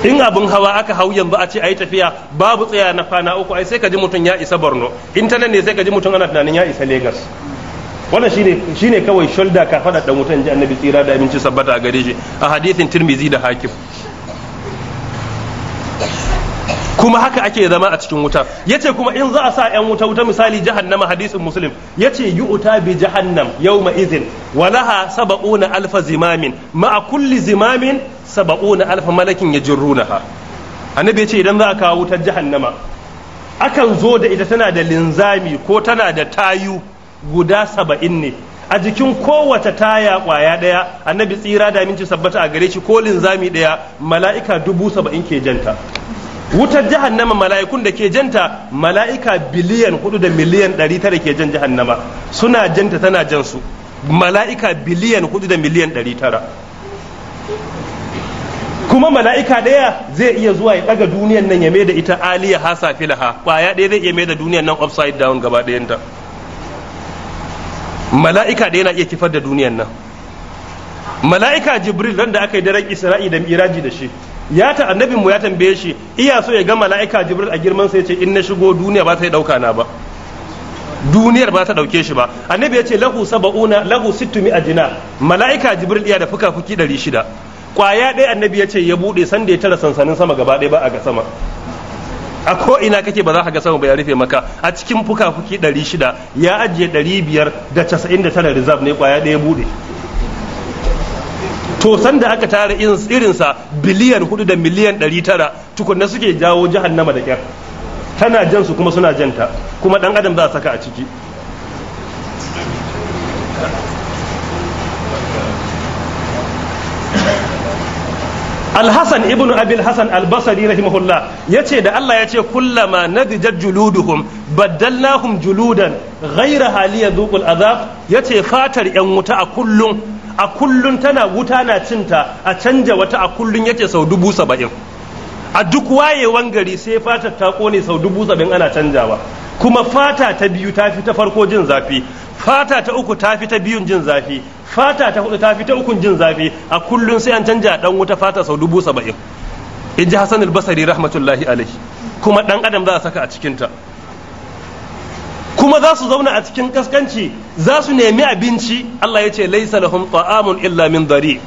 Speaker 1: in abin hawa aka hau yanzu a ce a yi tafiya babu tsaya na kwana uku ai sai ka ji mutum ya isa borno intanet ne sai ka ji mutum ana tunanin ya isa Legas. wannan shine shine kawai shoulder ka fada dan wutan ji annabi tsira da abinci sabbata a gare shi a hadithin tirmizi da hakim kuma haka ake zama a cikin wuta yace kuma in za a sa yan wuta wuta misali jahannama hadisin muslim yace yu'ta bi jahannam yawma idhin wa laha sab'una alf zimamin ma'a kulli zimamin sab'una alf malakin yajrunaha annabi yace idan za a kawo wutar jahannama akan zo da ita tana da linzami ko tana da tayu guda saba'in ne a jikin kowace taya kwaya ɗaya annabi tsira da minci sabbata a gare shi ko linzami ɗaya mala'ika dubu saba'in ke janta wutar jahannama mala'ikun da ke janta mala'ika biliyan hudu da miliyan ɗari tara ke jan jahannama suna janta tana jan su mala'ika biliyan hudu da miliyan ɗari tara kuma mala'ika ɗaya zai iya zuwa ya ɗaga duniyan nan ya mai da ita aliyah hasa filaha kwaya ɗaya zai iya mai da duniyan nan upside down gaba ɗayanta mala'ika da yana iya kifar da duniyan nan mala'ika jibril ran da aka yi daren isra'i da miraji da shi ya ta annabin mu ya tambaye shi iya so ya ga mala'ika jibril a girman ya ce in na shigo duniya ba ta yi dauka na ba duniyar ba ta dauke shi ba annabi ya ce lahu saba'una lahu sittumi ajina mala'ika jibril iya da fuka-fuki 600 kwaya ɗaya annabi ya ce ya buɗe sanda ya tara sansanin sama gaba ɗaya ba a ga sama a ko ina kake ba za ka ga sama bai rufe maka a cikin fukafuki 600 ya ajiye 599 reserve ne kwaya ɗaya bude to sanda aka tara irin irinsa biliyan 4 da miliyan 900 tukunna suke jawo jahannama da kyar tana jan su kuma suna janta kuma dan adam za a saka a ciki alhassan ibn abil albasari rahimahullah yace da allah yace ya ce kullama nadijat na baddalnahum juludan ghaira haliya zuqul azab ya ce fatar yan wuta a kullum a kullum tana wuta na cinta a canja wata a kullum yake sau dubu saba'in a duk wayewan gari sai fata ta kone sau dubu saba'in ana canjawa kuma fata ta biyu ta fi ta farko jin zafi fata ta uku ta fi ta biyun jin zafi fata ta hudu ta fi ta ukun jin zafi a kullum sai an canja dan wuta fata sau dubu saba'in in ji hassan albasari rahmatullahi alaihi kuma dan adam za a saka a cikinta kuma za su zauna a cikin kaskanci za su nemi abinci Allah ya ce laisa lahum ta'amun illa min dari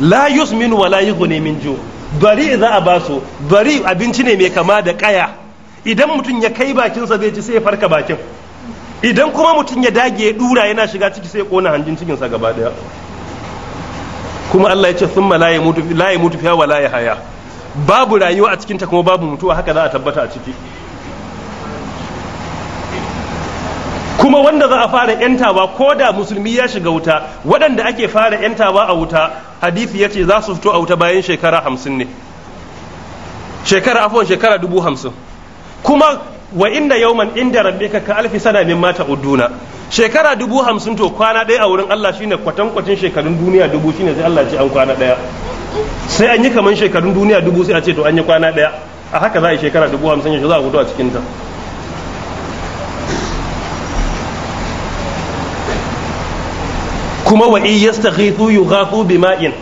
Speaker 1: la yusmin wa la yughni min ju' bari za a ba basu bari abinci ne mai kama da kaya idan mutum ya kai bakinsa zai ci sai ya farka bakin idan kuma mutum ya dage ya dura yana shiga ciki sai ya kona hanjin cikinsa gaba daya kuma Allah ya ce thumma la yamutu la yamutu fiha wa la yahya babu rayuwa a cikin ta kuma babu mutuwa haka za a tabbata a ciki kuma wanda za a fara yantawa ko da musulmi ya shiga wuta waɗanda ake fara yantawa a wuta hadisi ya ce za su fito a wuta bayan shekara hamsin ne shekara afon shekara dubu hamsin kuma wa inda yauman inda rabbe ka alfi sana min mata uduna shekara dubu hamsin to kwana ɗaya a wurin Allah shine kwatankwacin shekarun duniya dubu shine sai Allah ce an kwana ɗaya sai an yi kaman shekarun duniya dubu sai a ce to an yi kwana ɗaya a haka za a yi shekara dubu hamsin yaushe za a fito a cikinta kuma wa in yastaghithu yughathu bima'in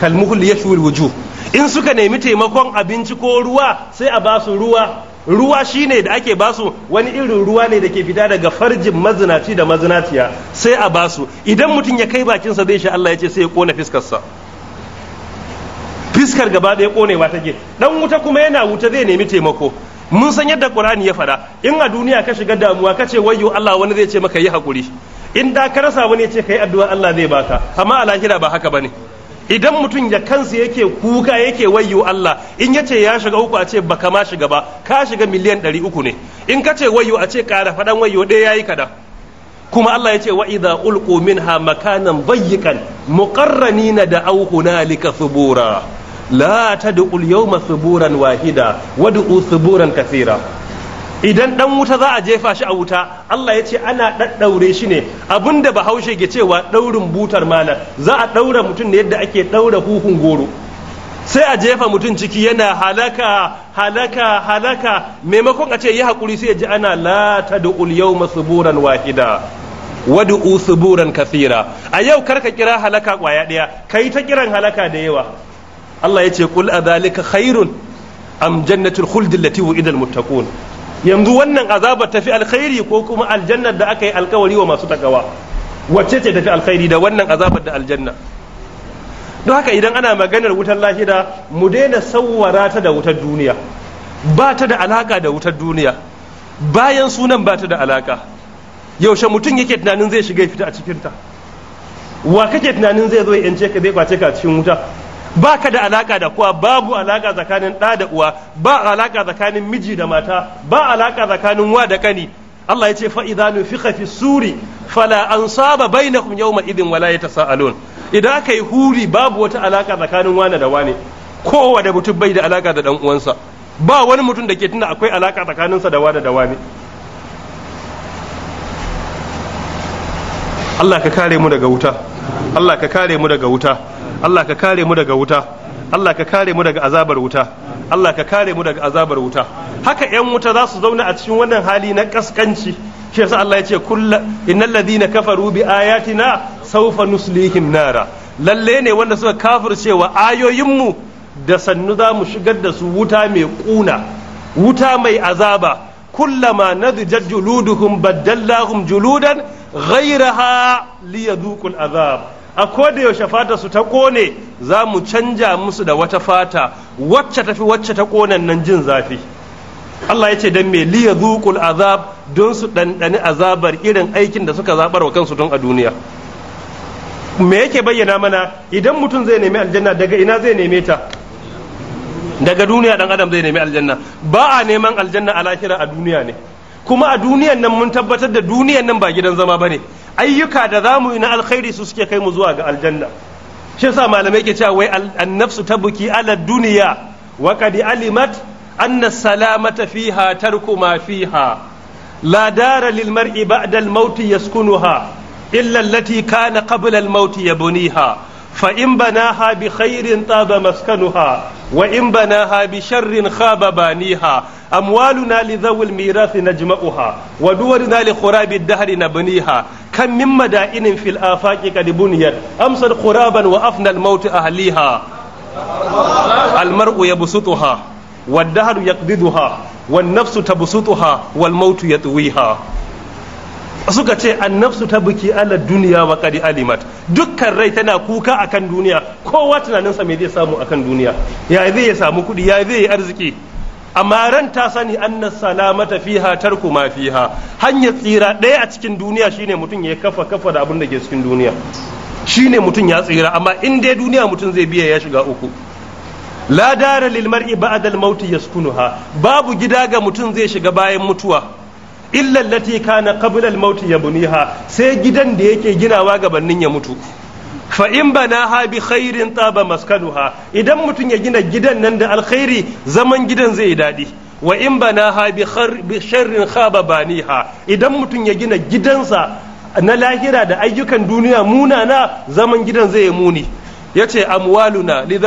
Speaker 1: kalmuhul yashwil wujuh in suka nemi taimakon abinci ko ruwa sai a ba su ruwa ruwa shine da ake basu wani irin ruwa ne da ke fita daga farjin mazinaci da mazinaciya sai a basu idan mutum ya kai bakinsa zai sha Allah ya ce sai ya kona sa. fiskar gaba ɗaya konewa take dan wuta kuma yana wuta zai nemi taimako mun san yadda Qur'ani ya fada in a duniya ka shiga damuwa kace ce wayyo Allah wani zai ce maka yi hakuri in da ka rasa wani ce kai addu'a Allah zai baka amma a lahira ba haka bane idan mutum ya kansa yake kuka yake wayyo Allah in yace ya shiga uku a ce baka ma shiga ba ka shiga miliyan ɗari uku ne in ka ce wayyo a ce ƙara faɗan wayyo ɗaya yayi kada kuma Allah ya ce wa idza ulqu minha makanan bayyikan muqarranina da au hunalika subura la tad'u al-yawma suburan wahida wad'u suburan kathira idan dan wuta za a jefa shi a wuta Allah ya ce ana ɗaɗɗaure shi ne abinda bahaushe ke cewa ɗaurin butar mana, za a ɗaura mutum ne yadda ake ɗaura huhun goro sai a jefa mutum ciki yana halaka halaka halaka maimakon a ce yi hakuri sai ya ji ana la tad'ul yawma suburan wahida wad'u usuburan kafira. a yau karka kira halaka kwaya daya kai ta kiran halaka da yawa Allah ya ce kul adhalika khairun am jannatul khuldi lati wu'ida al muttaqun yanzu wannan azabar tafi alkhairi ko kuma aljannar da aka yi alkawari wa masu takawa wacce ce tafi alkhairi da wannan azabar da aljanna don haka idan ana maganar wutar lahira mu daina sauwara ta da wutar duniya ba ta da alaka da wutar duniya bayan sunan ba ta da alaka yaushe mutum yake tunanin zai shiga fita a cikinta wa kake tunanin zai zo ya yance ka zai kwace ka cikin wuta ba ka da alaka da kowa babu alaka tsakanin ɗa da uwa ba alaka tsakanin miji da mata ba alaka tsakanin wa da kani Allah ya ce fa'iza nu fi suri fala an saba bainakum yawma idin wala yatasaalun idan aka yi huri babu wata alaka tsakanin wane da wane kowa da mutum bai da alaka da dan uwansa ba wani mutum da ke tuna akwai alaka tsakaninsa da wane da wane Allah ka kare mu daga wuta Allah ka kare mu daga wuta Allah ka kare mu daga wuta Allah ka kare mu daga azabar wuta Allah ka kare mu daga azabar wuta haka yan wuta za su zauna a cikin wannan hali na kaskanci shi yasa Allah ya ce kullu innal ladina kafaru bi ayatina sawfa nuslihim nara lalle ne wanda suka ayoyin mu da sannu za mu shigar da su wuta mai kuna wuta mai azaba kullama nadjat juluduhum baddallahum juludan ghayraha liyadhuqul azab a koda yaushe fata su ta kone za mu canja musu da wata fata wacce tafi wacce ta konan nan jin zafi Allah ya ce dan me liya zuqul azab don su ɗanɗani azabar irin aikin da suka zaɓar wa kansu tun a duniya me yake bayyana mana idan mutum zai nemi aljanna daga ina zai neme ta daga duniya dan adam zai nemi aljanna ba a neman aljanna a lahira a duniya ne kuma a duniyan nan mun tabbatar da duniyan nan ba gidan zama bane ayyuka da mu yi na alkhairi su suke kai mu zuwa ga aljanna shi sa malamai ke cewa wai annafsu tabuki ala duniya wa qad alimat anna salamata fiha tarku ma fiha la dara lil mar'i ba'da al maut yaskunuha illa allati kana qabla al maut yabuniha fa in banaha bi khairin taba maskanuha wa in bana bi sharrin khaba baniha amwaluna li dhawil mirathi najma'uha wa duwarna li khurabi ad-dahri nabniha kam min mada'inin fil afaqi qad buniyat amsad khuraban wa afna al-maut ahliha nafsu ta والدهر يقبضها والنفس تبسطها والموت يطويها suka ce nafsu ta buki ala duniya wa kadi alimat dukkan rai tana kuka akan duniya kowa sa me zai samu akan duniya ya zai ya samu kuɗi ya zai yi arziki amma ran ta sani anna salamata fiha tarku ma fiha hanyar tsira ɗaya a cikin duniya shine mutum ya kafa kafa da abin da ke cikin duniya shine mutum ya tsira amma in dai duniya mutum zai biya ya shiga uku la dara lil mar'i ba'da al-maut yaskunuha babu gida ga mutum zai shiga bayan mutuwa illa lati kana qabla al-maut yabniha sai gidan da yake ginawa gabanin ya mutu fa in banaha bi khairin taba maskanuha idan mutum ya gina gidan nan da alkhairi zaman gidan zai daɗi wa in banaha bi sharrin khaba baniha idan mutum ya gina gidansa na lahira da ayyukan duniya munana zaman gidan zai yi muni yace ce amwaluna li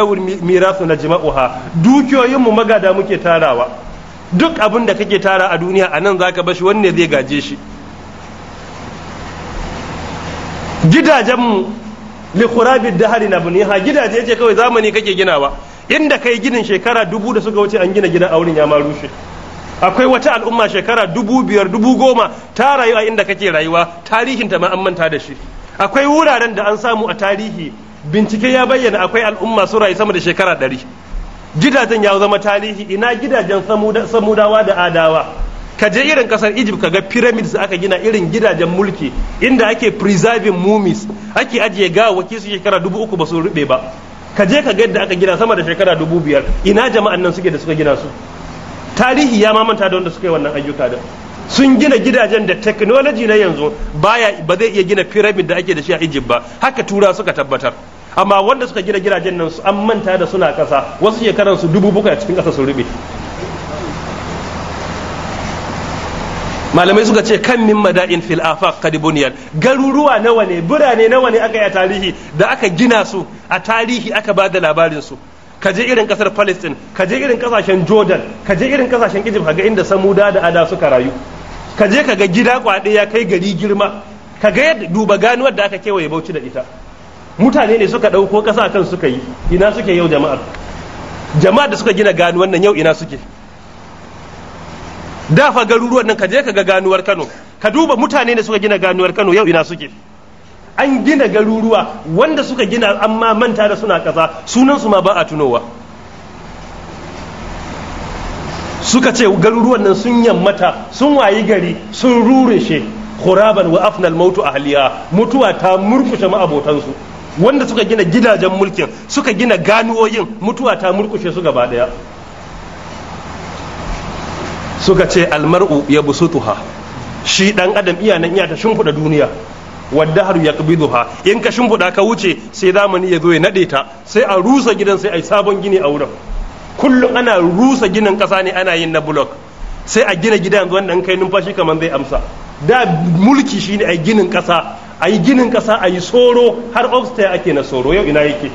Speaker 1: mirathuna jama'uha na mu dukiyoyinmu magada muke tarawa duk abin da kake tara a duniya a nan zaka bashi wanne zai gaje shi gidajenmu li da dahari na buniha gidaje ce kawai zamani kake ginawa inda kai ginin shekara dubu da suka wuce an gina gidan auren ya ma rushe akwai wata al'umma shekara dubu biyar dubu goma ta rayu a inda kake rayuwa tarihin ta ma an manta da shi akwai wuraren da an samu a tarihi bincike ya bayyana akwai al'umma su rayu sama da shekara ɗari gidajen ya zama tarihi ina gidajen samudawa da adawa ka je irin kasar egypt ka ga pyramids aka gina irin gidajen mulki inda ake preserving mummies ake ajiye gawaki su shekara dubu uku ba su rube ba ka je ka ga yadda aka gina sama da shekara dubu biyar ina jama'an nan suke da suka gina su tarihi ya mamanta da wanda suka yi wannan ayyuka da sun gina gidajen da technology na yanzu baya ba zai iya gina pyramid da ake da shi a Egypt ba haka tura suka tabbatar amma wanda suka gina gidajen nan an manta da suna kasa wasu shekaran su dubu bakwai a cikin kasa su rube malamai suka ce kan min mada'in fil afaq qad bunyan garuruwa nawa ne birane nawa ne aka yi a tarihi da aka gina su a tarihi aka ba da labarin su ka je irin kasar palestine ka je irin kasashen jordan ka je irin kasashen egypt ga inda samuda da ada suka rayu ka je ga gida kwaɗe ya kai gari girma ka ga yadda duba ganuwar da aka kewaye bauchi da ita mutane ne suka ɗauko ƙasa kan suka yi ina suke yau jama'ar jama'ar da suka gina ganuwar nan yau ina suke dafa garuruwan nan ka je ka ga ganuwar kano ka duba mutane ne suka gina ganuwar kano yau ina suke an gina garuruwa wanda suka gina amma manta da suna ƙasa sunansu ma ba a tunowa suka ce garuruwan nan sun yammata sun wayi gari sun rurushe khuraban wa afnal mautu ahliya mutuwa ta murkushe ma'abotansu wanda suka gina gidajen mulkin suka gina ganuwoyin mutuwa ta murkushe su gaba daya suka ce almar'u ya busutuha shi dan adam iya nan iya ta shimfiɗa duniya waddaharu ha in ka shimfiɗa ka wuce sai zamani ya zo ya nade ta sai a rusa gidan sai a sabon gini a wurin kullum ana rusa ginin ƙasa ne ana yin na block sai a gina gidan wanda an kai numfashi kamar zai amsa da mulki shine a ginin ƙasa a yi ginin ƙasa a yi soro har obstacle ake na soro yau ina yake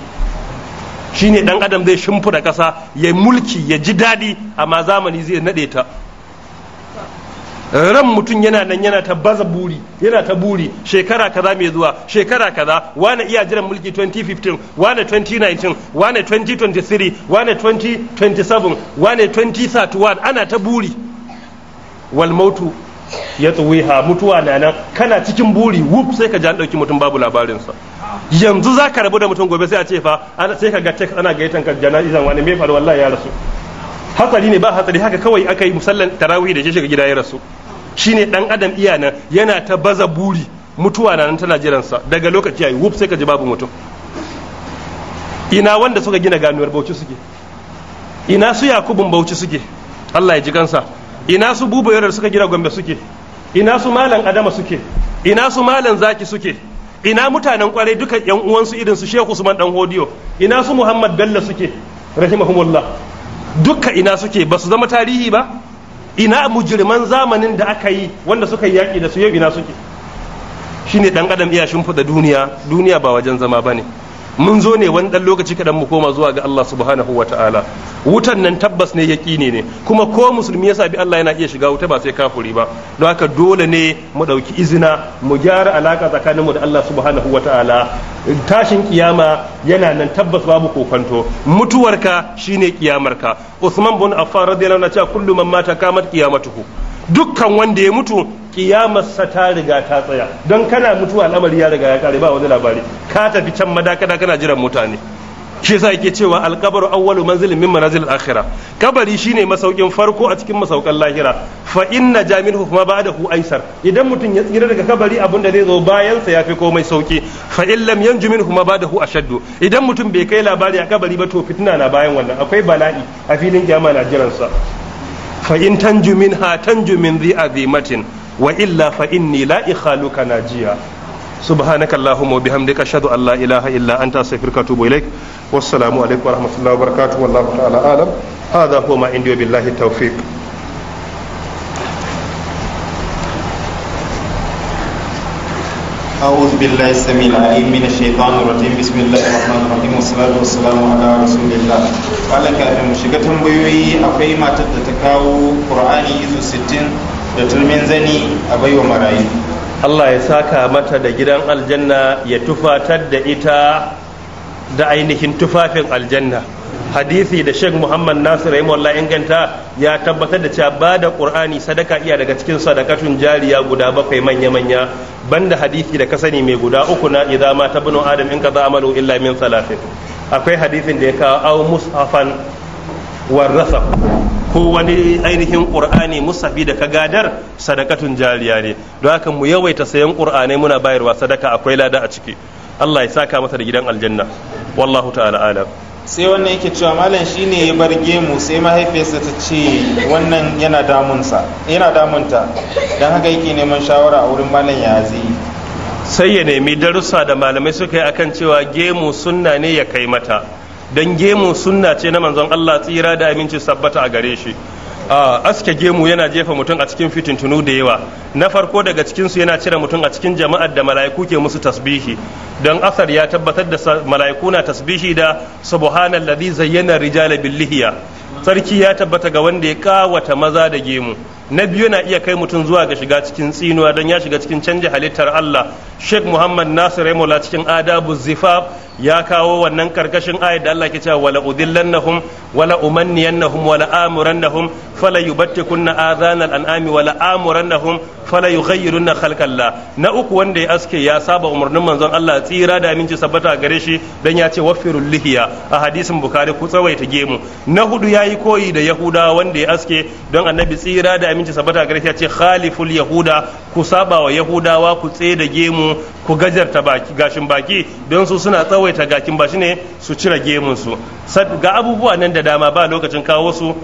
Speaker 1: shine dan adam zai shimfida ƙasa ya mulki ya ji daɗi amma zamani zai naɗe ta ran mutum yana nan yana ta baza buri yana ta buri shekara kaza mai zuwa shekara kaza wane iya jiran mulki 2015 wane 2019 wane 2023 wane 2027 wane 2031 ana ta buri wal mautu ya tsuwiha mutuwa na nan kana cikin buri wuf sai ka jan dauki ɗauki mutum babu labarinsa yanzu za ka rabu da mutum gobe sai a ce fa sai ka ga text ana gaitan ka jana'izan wani mai faru wallahi ya rasu hatsari ne ba hatsari haka kawai aka yi musallan tarawih da shiga gida ya rasu ne dan adam iya nan yana ta baza buri mutuwa na nan tana jiransa daga lokaci yayi wuf sai ka ji babu mutum ina wanda suka gina ganuwar bauchi suke ina su yakubun bauchi suke Allah ya ji kansa ina su bubayar suka gina gombe suke ina su malam adama suke ina su malam zaki suke ina mutanen kwarai duka yan uwansu irin su shehu usman dan hodiyo ina su muhammad bello suke rahimahumullah dukka ina suke ba su zama tarihi ba ina mujirman zamanin da aka yi wanda suka yi yaƙi da su yau ina suke shine dan adam iya shimfiɗa duniya duniya ba wajen zama ba ne mun zo ne wani dan lokaci kadan mu koma zuwa ga Allah subhanahu ta'ala. wutan nan tabbas ne yaƙini ne kuma ko musulmi ya sabi Allah yana iya shiga wuta ba sai kafuri ba don haka dole ne mu ɗauki izina mu gyara alaka tsakanin mu da Allah subhanahu ta'ala. tashin kiyama yana nan tabbas babu kokonto mutuwarka shine kiyamarka Usman bin Affan radiyallahu anhu ya ce kullu man mata kamat kiyamatuhu dukkan wanda ya mutu kiyamarsa ta riga ta tsaya don kana mutuwa al'amari ya riga ya kare ba wani labari ka tafi can madakada kana jiran mutane shi yasa yake cewa alkabaru awwalu manzilin min manazil akhirah kabari shine masaukin farko a cikin masaukan lahira fa inna jaminhu kuma ba'dahu aisar idan mutum ya tsira daga kabari abin da zai zo bayan sa yafi komai sauki fa in lam yanju minhu ma ba'dahu ashaddu idan mutum bai kai labari a kabari ba to fitina na bayan wannan akwai bala'i a filin kiyama na jiran sa fa in tanju minha tanju min dhi azimatin wa illa fa inni la ikhaluka najiya سبحانك اللهم وبحمدك اشهد ان لا اله الا انت استغفرك واتوب اليك والسلام عليكم ورحمه الله وبركاته والله تعالى اعلم هذا هو ما عندي وبالله التوفيق
Speaker 3: أعوذ بالله السميع العليم من الشيطان الرجيم بسم الله الرحمن الرحيم والصلاة والسلام على رسول الله قال كافin shiga tambayoyi akwai matar da ta kawo Qur'ani
Speaker 1: izu 60 da turmin zani a baiwa marayu Allah ya saka mata da gidan aljanna ya tufatar da ita da ainihin tufafin aljanna hadisi da Sheikh Muhammad Nasir rahimahullah inganta ya tabbatar da cewa ba da Qur'ani sadaka iya daga cikin sadakatun jariya guda bakwai manya manya banda hadisi da kasani sani mai guda uku na idza ma tabnu adam in kaza amalu illa min salatin akwai hadisin da ya kawo aw mushafan warrasa ko wani ainihin qur'ani musafi da ka gadar sadakatun jariya ne don haka mu yawaita sayan qur'anai muna bayarwa sadaka akwai lada a ciki Allah ya saka masa da gidan aljanna wallahu ta'ala alam sai
Speaker 3: wannan yake cewa malam shi ne ya bar gemu sai mahaifiyarsa ta ce wannan yana damunsa yana damunta don haka yake neman shawara a wurin malam ya zai
Speaker 1: sai ya nemi darussa da malamai suka yi akan cewa gemu sunna ne ya kai mata don gemu sunna ce na manzon Allah tsira da aminci sabbata a gare shi aske gemu yana jefa mutum a cikin fitintunu da yawa na farko daga cikinsu yana cire mutum a cikin jama'ar da mala'iku ke musu tasbihi don asar ya tabbatar da mala'iku na tasbihi da subhanallazi zayyana rijala billihiya sarki ya tabbata ga wanda ya kawata maza da gemu na biyu na iya kai mutum zuwa ga shiga cikin tsinuwa don ya shiga cikin canji halittar Allah Sheikh Muhammad Nasir Raimola cikin adabu zifaf ya kawo wannan karkashin ayat da Allah ke cewa wala udillannahum wala umanniyannahum wala amurannahum fala yubattikunna adhana al-an'ami wala amurannahum fala yughayyirunna khalqalla na uku wanda ya aske ya saba umarnin manzon Allah tsira da aminci sabbata gare shi dan ya ce waffirul lihiya a hadisin bukhari ku tsawaita gemu na hudu yayi koyi da yahuda wanda ya aske don annabi tsira da musulunci sabata gare shi ya ce khaliful yahuda ku saba wa yahudawa ku tsaye da gemu ku gajarta baki gashin baki don su suna tsawaita gashin ba ne su cire gemun su ga abubuwa nan da dama ba lokacin kawo su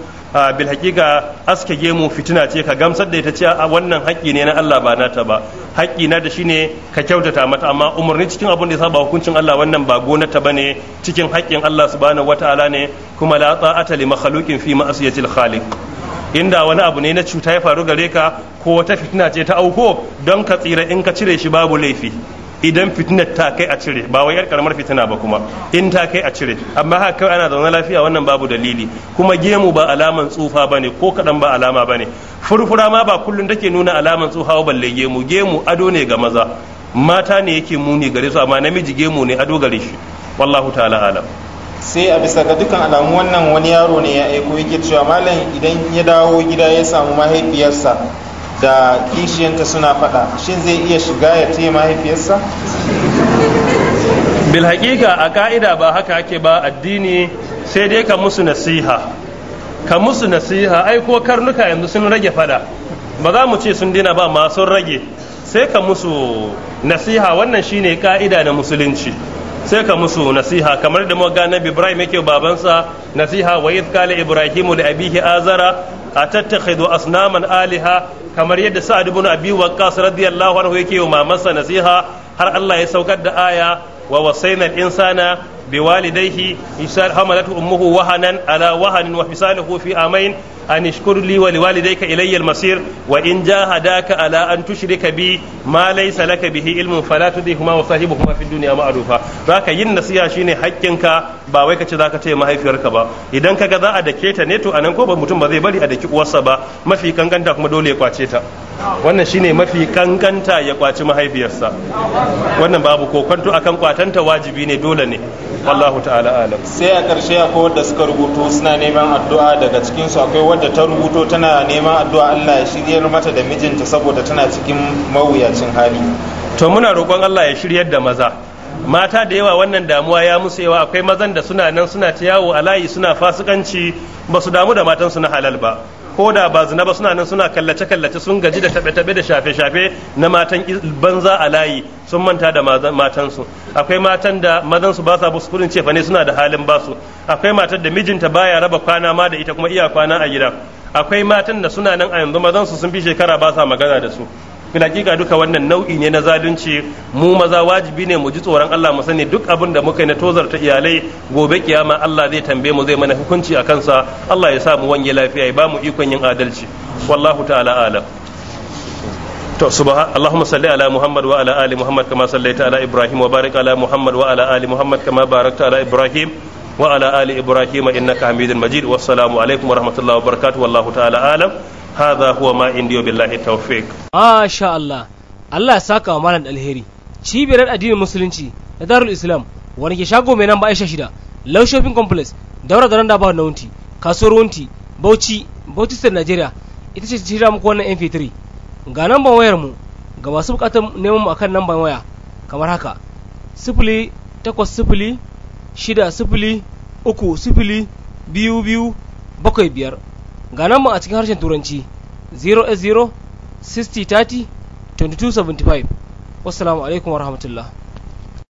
Speaker 1: bil hakika aske gemu fitina ce ka gamsar da ita ce wannan haƙƙi ne na Allah ba nata ba haƙƙi na da shine ka kyautata mata amma umarni cikin abin da ya saba hukuncin Allah wannan ba gonata bane cikin haƙƙin Allah subhanahu wataala ne kuma la ta'ata li makhluqin fi ma'siyatil khaliq inda wani abu ne na cuta ya faru gare ka ko wata fitina ce ta auko don ka tsira in ka cire shi babu laifi idan fitinar ta kai a cire ba wai yar karamar fitina ba kuma in ta kai a cire amma haka kawai ana zaune lafiya wannan babu dalili kuma gemu ba alaman tsufa bane ko kadan ba alama bane furfura ma ba kullun take nuna alaman tsufa ba balle gemu gemu ado ne ga maza mata ne yake muni gare su amma namiji gemu ne ado gare shi wallahu ta'ala alam sai a bisa
Speaker 3: ga dukkan alamu wannan wani yaro ne ya aiko yake cewa malam idan ya dawo gida ya samu mahaifiyarsa da kishiyanta suna fada shin zai iya shiga ya ce mahaifiyarsa
Speaker 1: bil hakika, a ka'ida ba haka ake ba addini sai dai ka musu nasiha ka musu nasiha ai ko karnuka yanzu sun rage fada ba za mu ce sun dina ba ma sun rage sai ka musu nasiha wannan shine ka'ida na musulunci sai ka musu nasiha kamar da muka ga ibrahim yake babansa nasiha wa idh qala ibrahimu da abihi azara atattakhidhu asnaman aliha kamar yadda sa'ad ibn abi waqqas radiyallahu anhu yake wa mamansa nasiha har Allah ya saukar da aya wa wasaina al-insana بوالديه حملته أمه وهنا على وهن وفصاله في عامين أن اشكر لي ولوالديك إلي المصير وإن جاهداك على أن تشرك بي ما ليس لك به علم فلا تطعهما وصاحبهما في الدنيا معروفا zaka yin nasiha shine hakkinka ba wai kace zaka ce mahaifiyarka ba idan ga za a dake ta ne to anan ko ba mutum ba zai bari a daki ba mafi kuma dole ya kwace ta wannan shine mafi kankanta ya kwaci mahaifiyarsa wannan babu kokonto akan kwatanta wajibi ne dole ne wallahu ta'ala alam sai a ƙarshe
Speaker 3: akwai wadda suka rubuto suna neman addu'a daga cikin su akwai wadda ta rubuto tana neman addu'a Allah ya shiryar mata da mijinta saboda tana cikin mawuyacin hali to
Speaker 1: muna roƙon Allah ya shiryar da maza mata da yawa wannan damuwa ya musu yawa akwai mazan da suna nan suna ta yawo a layi suna fasikanci ba su damu da matan su na halal ba ko da ba zina ba suna nan suna kallace kallace sun gaji da tabe tabe da shafe shafe na matan banza a layi sun manta da matan su akwai matan da mazan su ba sa musu kudin cefa ne suna da halin ba su akwai matan da mijinta baya raba kwana ma da ita kuma iya kwana a gida akwai matan da suna nan a yanzu mazan su sun fi shekara ba sa magana da su fil hakika duka wannan nau'i ne na zalunci mu maza wajibi ne mu ji tsoron Allah mu sani duk abin da muka yi na tozarta iyalai gobe kiyama Allah zai tambaye mu zai mana hukunci a kansa Allah ya sa mu wange lafiya ya ba mu ikon yin adalci wallahu ta'ala alam to subhan salli ala muhammad wa ala ali muhammad kama sallaita ala ibrahim wa barik ala muhammad wa ala ali muhammad kama barakta ala ibrahim hadha huwa ma indiyo billahi tawfiq masha Allah Allah ya saka wa malam alheri cibiyar addinin musulunci da darul islam wani ke shago mai nan ba aisha shida law shopping complex daura garan da ba na kasuwar wunti bauchi bauchi state nigeria ita ce ta muku wannan mp3 ga namban wayar mu ga masu bukatar neman mu akan namban waya kamar haka sifili takwas shida sifili uku sifili biyu bakwai biyar ga nan mu a cikin harshen turanci 080 60 30 2275 wassalamu alaikum
Speaker 2: warahmatullahi